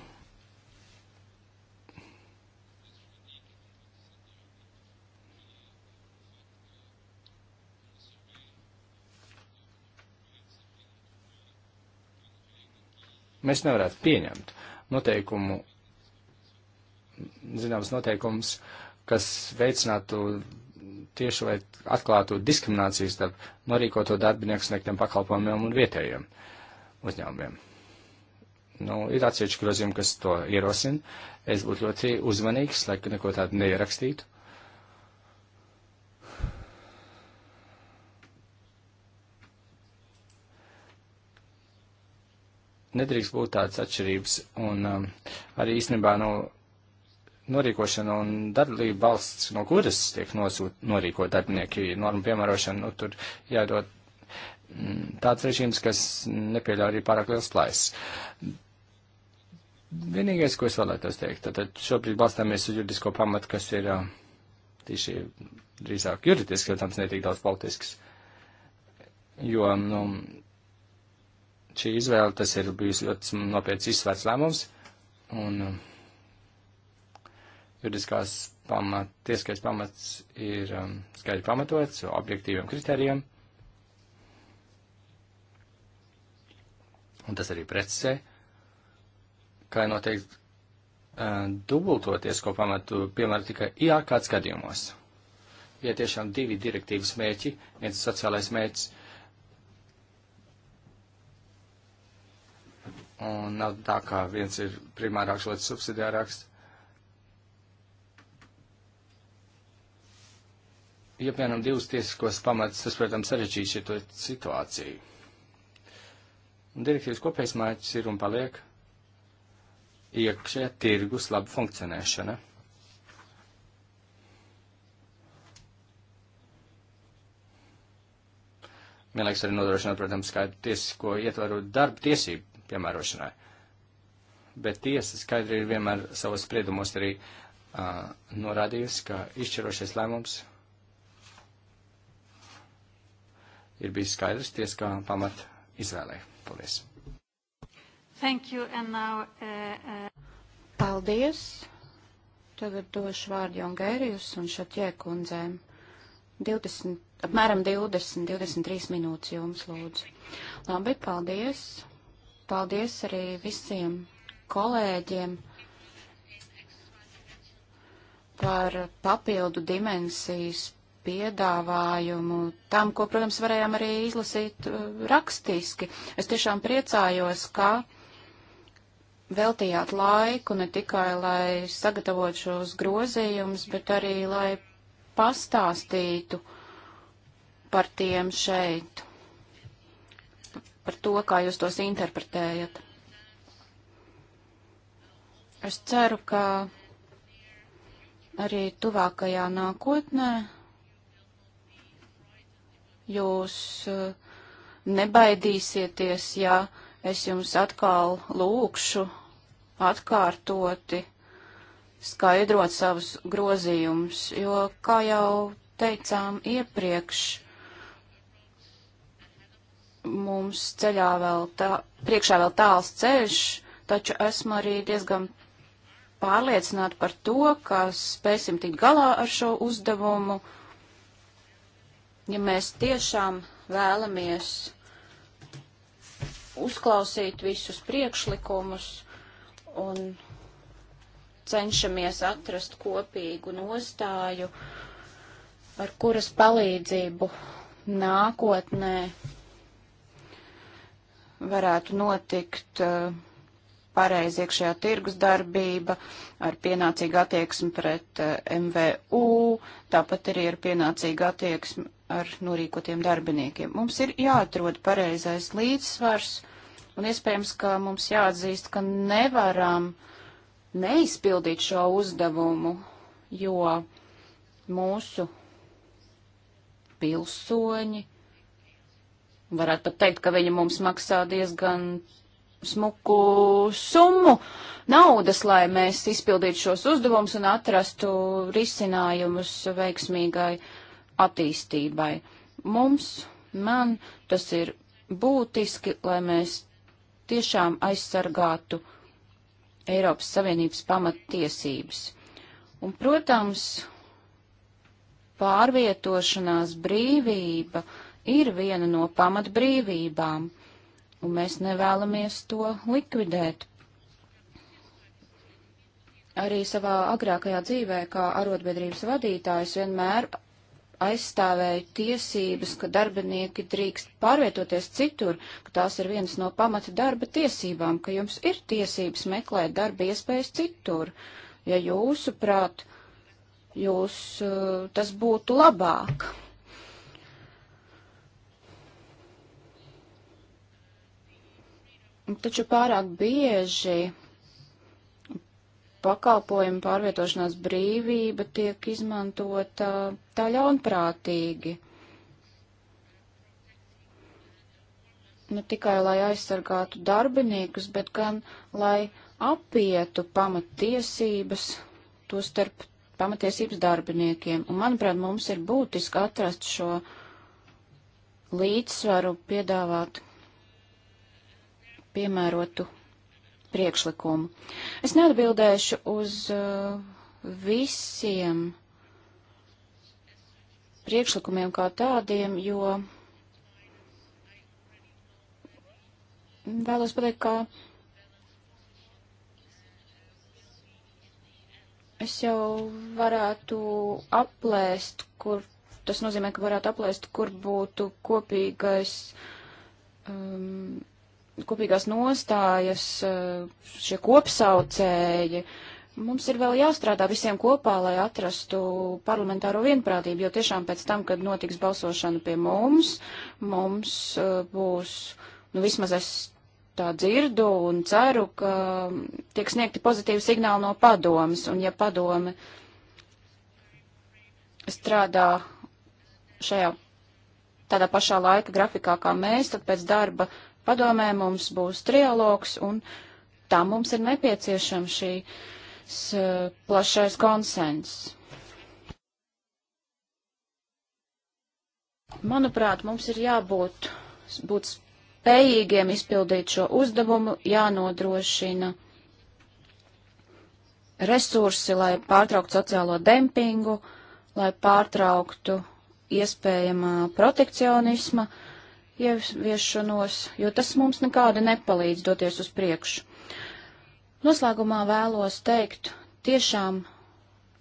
Mēs nevarētu pieņemt noteikumu, zināms, noteikums, kas veicinātu tieši vai atklātu diskrimināciju starp norīkoto darbinieku sniegtiem pakalpojumiem un vietējiem uzņēmumiem. Nu, ir atsevišķi grozījumi, kas to ierosina. Es būtu ļoti uzmanīgs, lai neko tādu neierakstītu. nedrīkst būt tādas atšķirības, un um, arī īstenībā no norīkošana un darbība balsts, no kuras tiek nosūt, norīko darbinieki, norma piemērošana, nu, tur jādod mm, tāds režīms, kas nepieļauj arī pārāk liels plaisas. Vienīgais, ko es vēlētos teikt, tad šobrīd balstāmies uz juridisko pamatu, kas ir uh, tieši drīzāk juridisks, protams, ne tik daudz politisks. Jo, nu, šī izvēle, tas ir bijis ļoti nopietns izsvērts lēmums, un um, juridiskās pamat, tieskais pamats ir um, skaidri pamatots objektīviem kritērijiem, un tas arī precizē, kā noteikti uh, dubultoties, ko pamatu, piemēram, tikai jā, kāds gadījumos. Ja tiešām divi direktīvas mērķi, viens sociālais mērķis, Un nav tā, ka viens ir primārāks, otrs subsidiārāks. Ja, piemēram, divus tiesiskos pamats, tas, protams, sarežģīs šito situāciju. Direktīvas kopējais mērķis ir un paliek iekšē tirgus laba funkcionēšana. Vienlaiks arī nodrošināt, protams, kā tiesisko ietvaru darba tiesību piemērošanai. Bet tiesa skaidri ir vienmēr savos spriedumos arī uh, norādījusi, ka izšķirošais lēmums ir bijis skaidrs tiesa kā pamat izvēlē. Paldies! Thank you, and now, uh, uh... Paldies! Tagad došu vārdu Jongērijus un Šatjē kundzēm. 20, apmēram 20, 23 minūtes jums lūdzu. Labi, paldies paldies arī visiem kolēģiem par papildu dimensijas piedāvājumu tam, ko, protams, varējām arī izlasīt uh, rakstiski. Es tiešām priecājos, ka veltījāt laiku ne tikai, lai sagatavotu šos grozījumus, bet arī, lai pastāstītu par tiem šeit par to, kā jūs tos interpretējat. Es ceru, ka arī tuvākajā nākotnē jūs uh, nebaidīsieties, ja es jums atkal lūkšu atkārtoti skaidrot savus grozījumus, jo, kā jau teicām iepriekš, mums ceļā vēl tā, priekšā vēl tāls ceļš, taču esmu arī diezgan pārliecināta par to, ka spēsim tikt galā ar šo uzdevumu, ja mēs tiešām vēlamies uzklausīt visus priekšlikumus un cenšamies atrast kopīgu nostāju, ar kuras palīdzību nākotnē varētu notikt eh, pareizi iekšējā tirgus darbība ar pienācīgu attieksmi pret eh, MVU, tāpat arī ar pienācīgu attieksmi ar norīkotiem darbiniekiem. Mums ir jāatrod pareizais līdzsvars, un iespējams, ka mums jāatzīst, ka nevaram neizpildīt šo uzdevumu, jo mūsu pilsoņi Varētu pat teikt, ka viņi mums maksā diezgan smuku summu naudas, lai mēs izpildītu šos uzdevumus un atrastu risinājumus veiksmīgai attīstībai. Mums, man, tas ir būtiski, lai mēs tiešām aizsargātu Eiropas Savienības pamattiesības. Un, protams, pārvietošanās brīvība ir viena no pamatbrīvībām, un mēs nevēlamies to likvidēt. Arī savā agrākajā dzīvē, kā arotbiedrības vadītājs, vienmēr aizstāvēju tiesības, ka darbinieki drīkst pārvietoties citur, ka tās ir vienas no pamata darba tiesībām, ka jums ir tiesības meklēt darba iespējas citur, ja jūsuprāt, jūs, uh, tas būtu labāk. Taču pārāk bieži pakalpojumu pārvietošanās brīvība tiek izmantota tā ļaunprātīgi. Ne tikai lai aizsargātu darbiniekus, bet gan lai apietu pamatiesības, to starp pamatiesības darbiniekiem. Un, manuprāt, mums ir būtiski atrast šo līdzsvaru, piedāvāt piemērotu priekšlikumu. Es neatbildēšu uz uh, visiem priekšlikumiem kā tādiem, jo vēlos pateikt, ka es jau varētu aplēst, kur tas nozīmē, ka varētu aplēst, kur būtu kopīgais um, kopīgās nostājas, eh, šie kopsaucēji. Mums ir vēl jāstrādā visiem kopā, lai atrastu parlamentāro vienprātību, jo tiešām pēc tam, kad notiks balsošana pie mums, mums eh, būs, nu vismaz es tā dzirdu un ceru, ka tiek sniegti pozitīvi signāli no padomas, un ja padome strādā šajā tādā pašā laika grafikā kā mēs, tad pēc darba padomē mums būs trialogs, un tam mums ir nepieciešama šīs eh, plašais konsens. Manuprāt, mums ir jābūt būt spējīgiem izpildīt šo uzdevumu, jānodrošina resursi, lai pārtrauktu sociālo dempingu, lai pārtrauktu iespējamā protekcionisma uh, ieviešanos, jo tas mums nekāda nepalīdz doties uz priekšu. Noslēgumā vēlos teikt, tiešām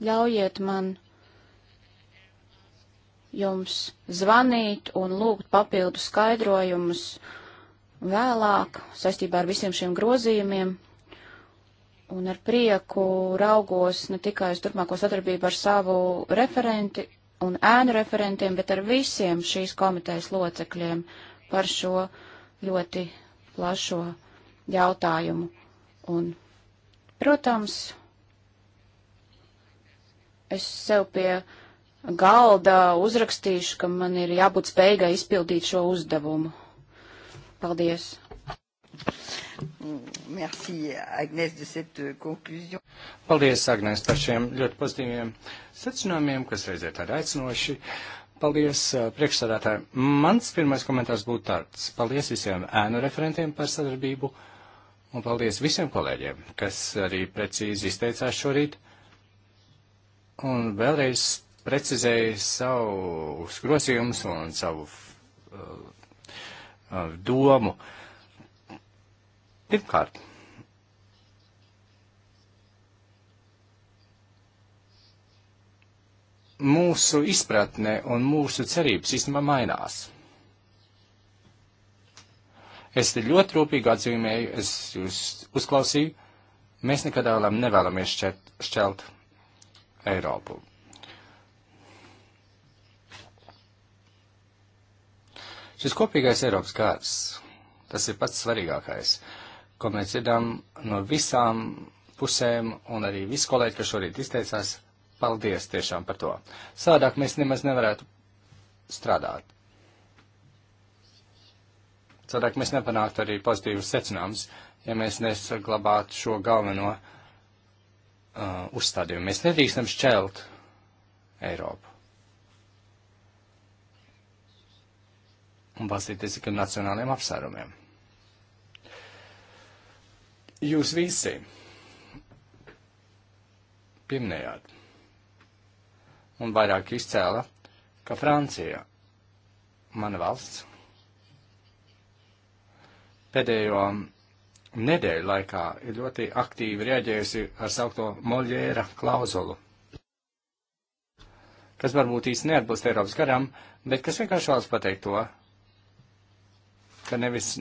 ļaujiet man jums zvanīt un lūgt papildu skaidrojumus vēlāk saistībā ar visiem šiem grozījumiem. Un ar prieku raugos ne tikai uz turpmāko sadarbību ar savu referenti, un ēnu referentiem, bet ar visiem šīs komitejas locekļiem par šo ļoti plašo jautājumu. Un, protams, es sev pie galda uzrakstīšu, ka man ir jābūt spējīgai izpildīt šo uzdevumu. Paldies! Mm, merci, Agnes, de cette euh, conclusion. Paldies, Agnes, par šiem ļoti pozitīviem secinājumiem, kas reizē tādi aicinoši. Paldies, uh, priekšsādātāji. Mans pirmais komentārs būtu tāds. Paldies visiem ēnu referentiem par sadarbību un paldies visiem kolēģiem, kas arī precīzi izteicās šorīt. Un vēlreiz precizēja savus grozījumus un savu uh, uh, domu. Uh, Pirmkārt, mūsu izpratne un mūsu cerības īstenībā mainās. Es te ļoti rūpīgi atzīmēju, es jūs uzklausīju, mēs nekad vēlam nevēlamies šķelt, šķelt Eiropu. Šis kopīgais Eiropas gars, tas ir pats svarīgākais. Uh, ko mēs dzirdam no visām pusēm un arī visi kolēģi, kas šorīt izteicās, paldies tiešām par to. Sādāk mēs nemaz nevarētu strādāt. Sādāk mēs nepanāktu arī pozitīvus secinājumus, ja mēs nesaglabātu šo galveno uh, uzstādījumu. Mēs nedrīkstam šķelt Eiropu. Un balstīties tikai nacionāliem apsvērumiem. Jūs visi pieminējāt un vairāk izcēla, ka Francija, mana valsts, pēdējo nedēļu laikā ir ļoti aktīvi rēģējusi ar saukto Moljēra klauzulu, kas varbūt īsti neatbilst Eiropas garam, bet kas vienkārši vēlas pateikt to, ka nevis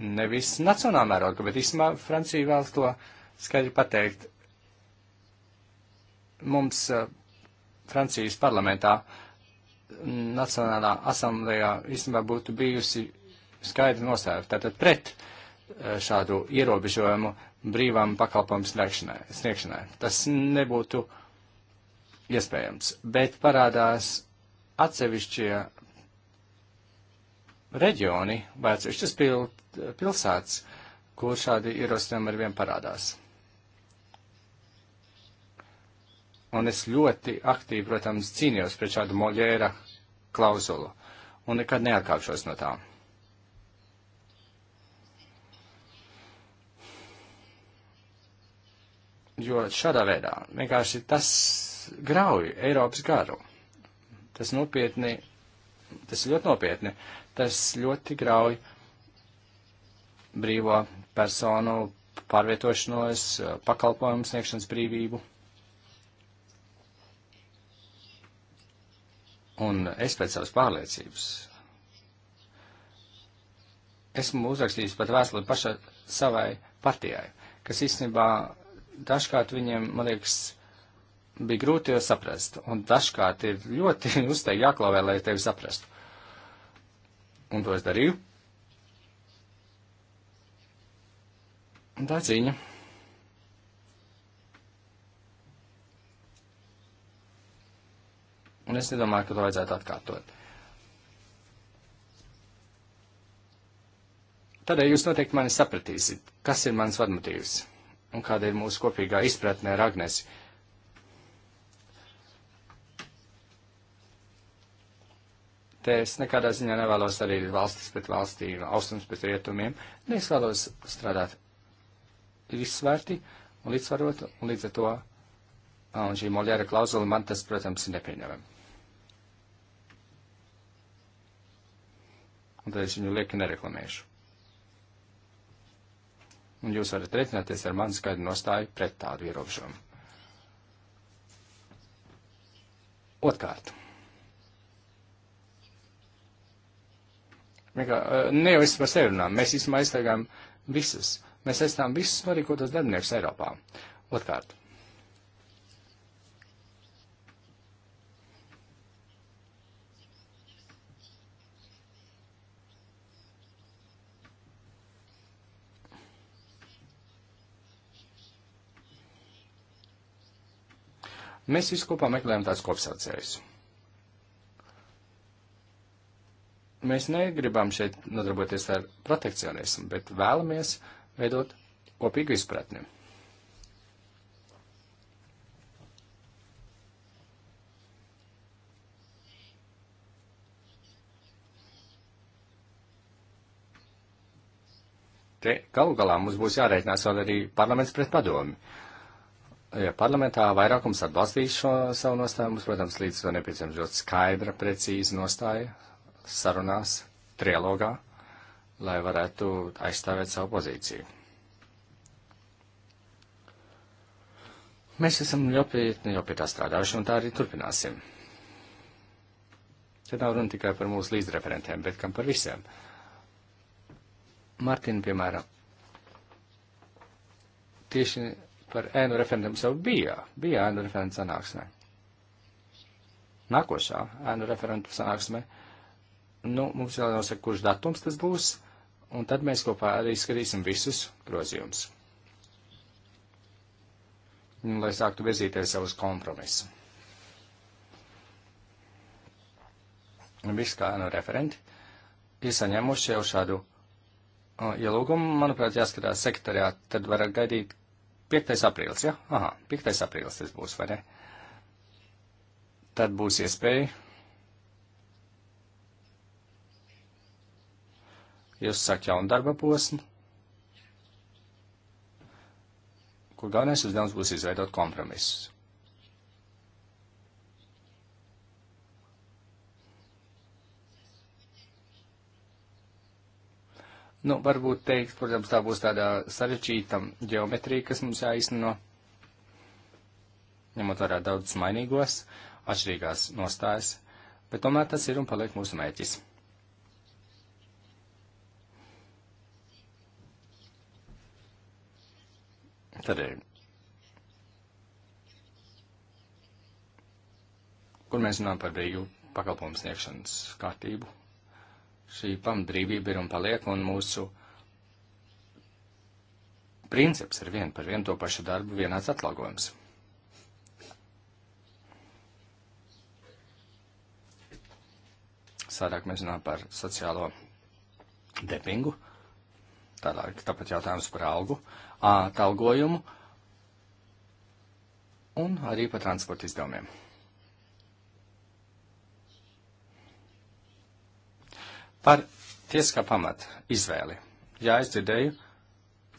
nevis nacionālā mērogā, bet īstenībā Francija vēl to skaidri pateikt. Mums uh, Francijas parlamentā, Nacionālā asamblējā īstenībā būtu bijusi skaidra nostāja tātad pret uh, šādu ierobežojumu brīvām pakalpojumu sniegšanai. Tas nebūtu iespējams, bet parādās atsevišķie reģioni vai atsevišķas pil, pilsētas, kur šādi ierosinājumi ar vien parādās. Un es ļoti aktīvi, protams, cīnījos pret šādu moļēra klauzulu un nekad neatkāpšos no tām. Jo šādā veidā vienkārši tas grauj Eiropas garu. Tas nopietni Tas ir ļoti nopietni. Tas ļoti grauj brīvo personu pārvietošanos, pakalpojumu sniegšanas brīvību. Un es pēc savas pārliecības esmu uzrakstījis pat vēstuli pašai savai partijai, kas īstenībā dažkārt viņiem, man liekas, bija grūti saprast, un dažkārt ir ļoti uzteikti jāklauvē, lai tevi saprastu. Un to es darīju. Un tā cīņa. Un es nedomāju, ka to vajadzētu atkārtot. Tādēļ jūs noteikti mani sapratīsiet, kas ir mans vadmotīvs un kāda ir mūsu kopīgā izpratnē ar Agnesi. Uh, Te es nekādā ziņā nevēlos arī valstis pret valstī, austrums pret rietumiem. Ne, nu, es vēlos strādāt izsvērti un līdzsvarot, un līdz ar to un šī moļēra klauzula man tas, protams, ir nepieņemama. Un tad es viņu lieki nereklamēšu. Un jūs varat rēķināties ar manu skaidru nostāju pret tādu ierobežojumu. Otkārt. Eh, ne jau es par sevi runāju, mēs īstenībā aizstāvjam visus. Mēs aizstāvam visus norīkotos darbiniekus Eiropā. Otkārt. Mēs visi kopā meklējam tās kopsaucējus. Mēs negribam šeit nodarboties ar protekcionismu, bet vēlamies veidot kopīgu izpratni. Te galu galā mums būs jārēķinās vēl arī parlaments pret padomi. Ja parlamentā vairākums atbalstīs šo savu nostāju, mums, protams, līdz to nepieciešams ļoti skaidra, precīza nostāja sarunās, trialogā, lai varētu aizstāvēt savu pozīciju. Mēs esam nopietni jau pie tā strādājuši, un tā arī turpināsim. Te nav runa tikai par mūsu līdzreferentiem, bet gan par visiem. Martina, piemēram, tieši par ēnu referendumu jau bija, bija ēnu referentu sanāksmē. Nākošā ēnu referentu sanāksmē Nu, mums vēl jāsaka, kurš datums tas būs, un tad mēs kopā arī skatīsim visus grozījumus. Nu, lai sāktu virzīties jau uz kompromisu. Viss kā no nu, referenti ir saņēmuši jau šādu ielūgumu. Manuprāt, jāskatās sekretariāt, tad varat gaidīt 5. aprīlis, ja? Aha, 5. aprīlis tas būs, vai ne? Tad būs iespēja Jūs sākat jaunu darba posmu, kur galvenais uzdevums būs izveidot kompromisus. Nu, varbūt teikt, protams, tā būs tādā sarežģīta ģeometrija, kas mums jāizsno, ņemot vērā daudzus mainīgos, atšķirīgās nostājas, bet tomēr tas ir un paliek mūsu mērķis. Tādēļ. Kur mēs runājam par brīvu pakalpojumu sniegšanas kārtību? Šī pamatbrīvība ir un paliek, un mūsu princips ir vien par vienu to pašu darbu vienāds atlagojums. Sādāk mēs runājam par sociālo depingu, tālāk tāpat jautājums par algu. Uh, atalgojumu un arī par transporta izdevumiem. Par tiesiskā pamata izvēli. Jā, es dzirdēju,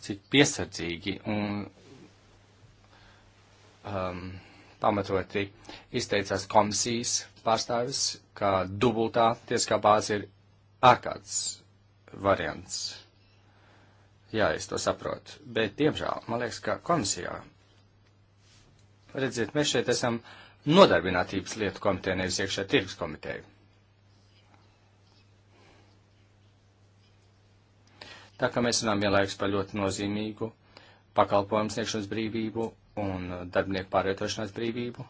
cik piesardzīgi un um, pamatoti izteicās komisijas pārstāvis, ka dubultā tiesiskā bāze ir ārkārtas variants. Jā, es to saprotu. Bet, diemžēl, man liekas, ka komisijā. Redziet, mēs šeit esam nodarbinātības lietu komiteja, nevis iekšē tirgus komiteja. Tā kā mēs runājam vienlaikus par ļoti nozīmīgu pakalpojumu sniegšanas brīvību un darbinieku pārvietošanās brīvību,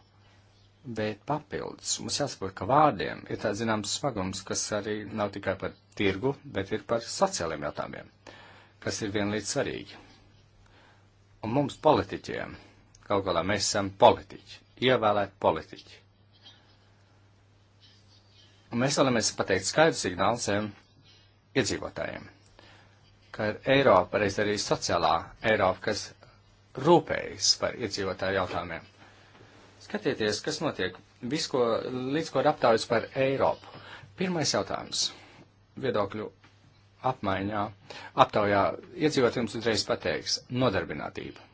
bet papildus mums jāsaprot, ka vārdiem ir tāds zināms svagums, kas arī nav tikai par tirgu, bet ir par sociāliem jautājumiem kas ir vienlīdz svarīgi. Un mums politiķiem, kaut galā mēs esam politiķi, ievēlēt politiķi. Un mēs vēlamies pateikt skaidru signālu saviem iedzīvotājiem, ka Eiropa reiz arī sociālā Eiropa, kas rūpējas par iedzīvotāju jautājumiem. Skatieties, kas notiek, visko, līdz ko ir aptaujas par Eiropu. Pirmais jautājums - viedokļu apmaiņā, aptaujā iedzīvot jums uzreiz pateiks - nodarbinātība.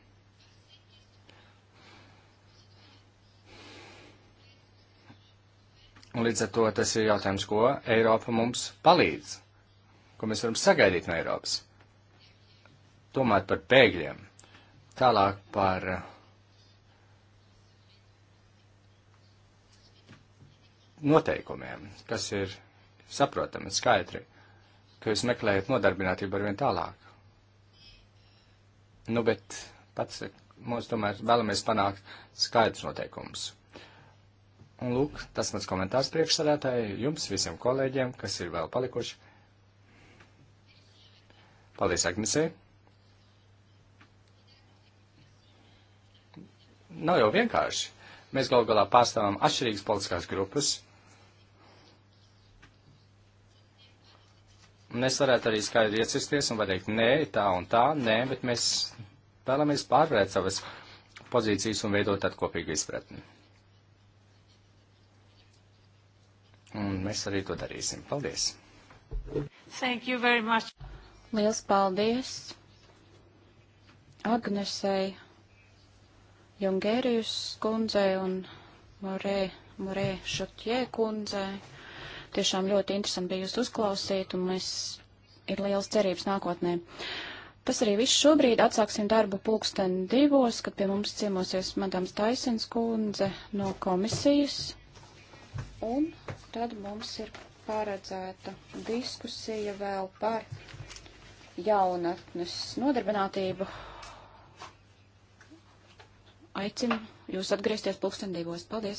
Un līdz ar to tas ir jautājums, ko Eiropa mums palīdz, ko mēs varam sagaidīt no Eiropas. Domāt par bēgļiem, tālāk par eh, noteikumiem, kas ir saprotami, skaidri ka jūs meklējat nodarbinātību ar vien tālāk. Nu, bet pats mums tomēr vēlamies panākt skaidrs noteikums. Un lūk, tas mans komentārs priekšsādātāji jums visiem kolēģiem, kas ir vēl palikuši. Paldies, Agnesē. Nav jau vienkārši. Mēs gal galā pārstāvam atšķirīgas politiskās grupas. Un es varētu arī skaidri iecisties un pateikt, nē, tā un tā, nē, bet mēs vēlamies pārvērt savas pozīcijas un veidot tādu kopīgu izpratni. Un mēs arī to darīsim. Paldies! Thank you very much! Liels paldies! Agnesei, Jungērijus kundzei un Morē, Morē Šotjē kundzei. Tiešām ļoti interesanti bija jūs uzklausīt, un mēs ir liels cerības nākotnē. Tas arī viss šobrīd. Atsāksim darbu pulksten divos, kad pie mums ciemosies madams Taisens kundze no komisijas. Un tad mums ir paredzēta diskusija vēl par jaunatnes nodarbinātību. Aicinu jūs atgriezties pulksten divos. Paldies!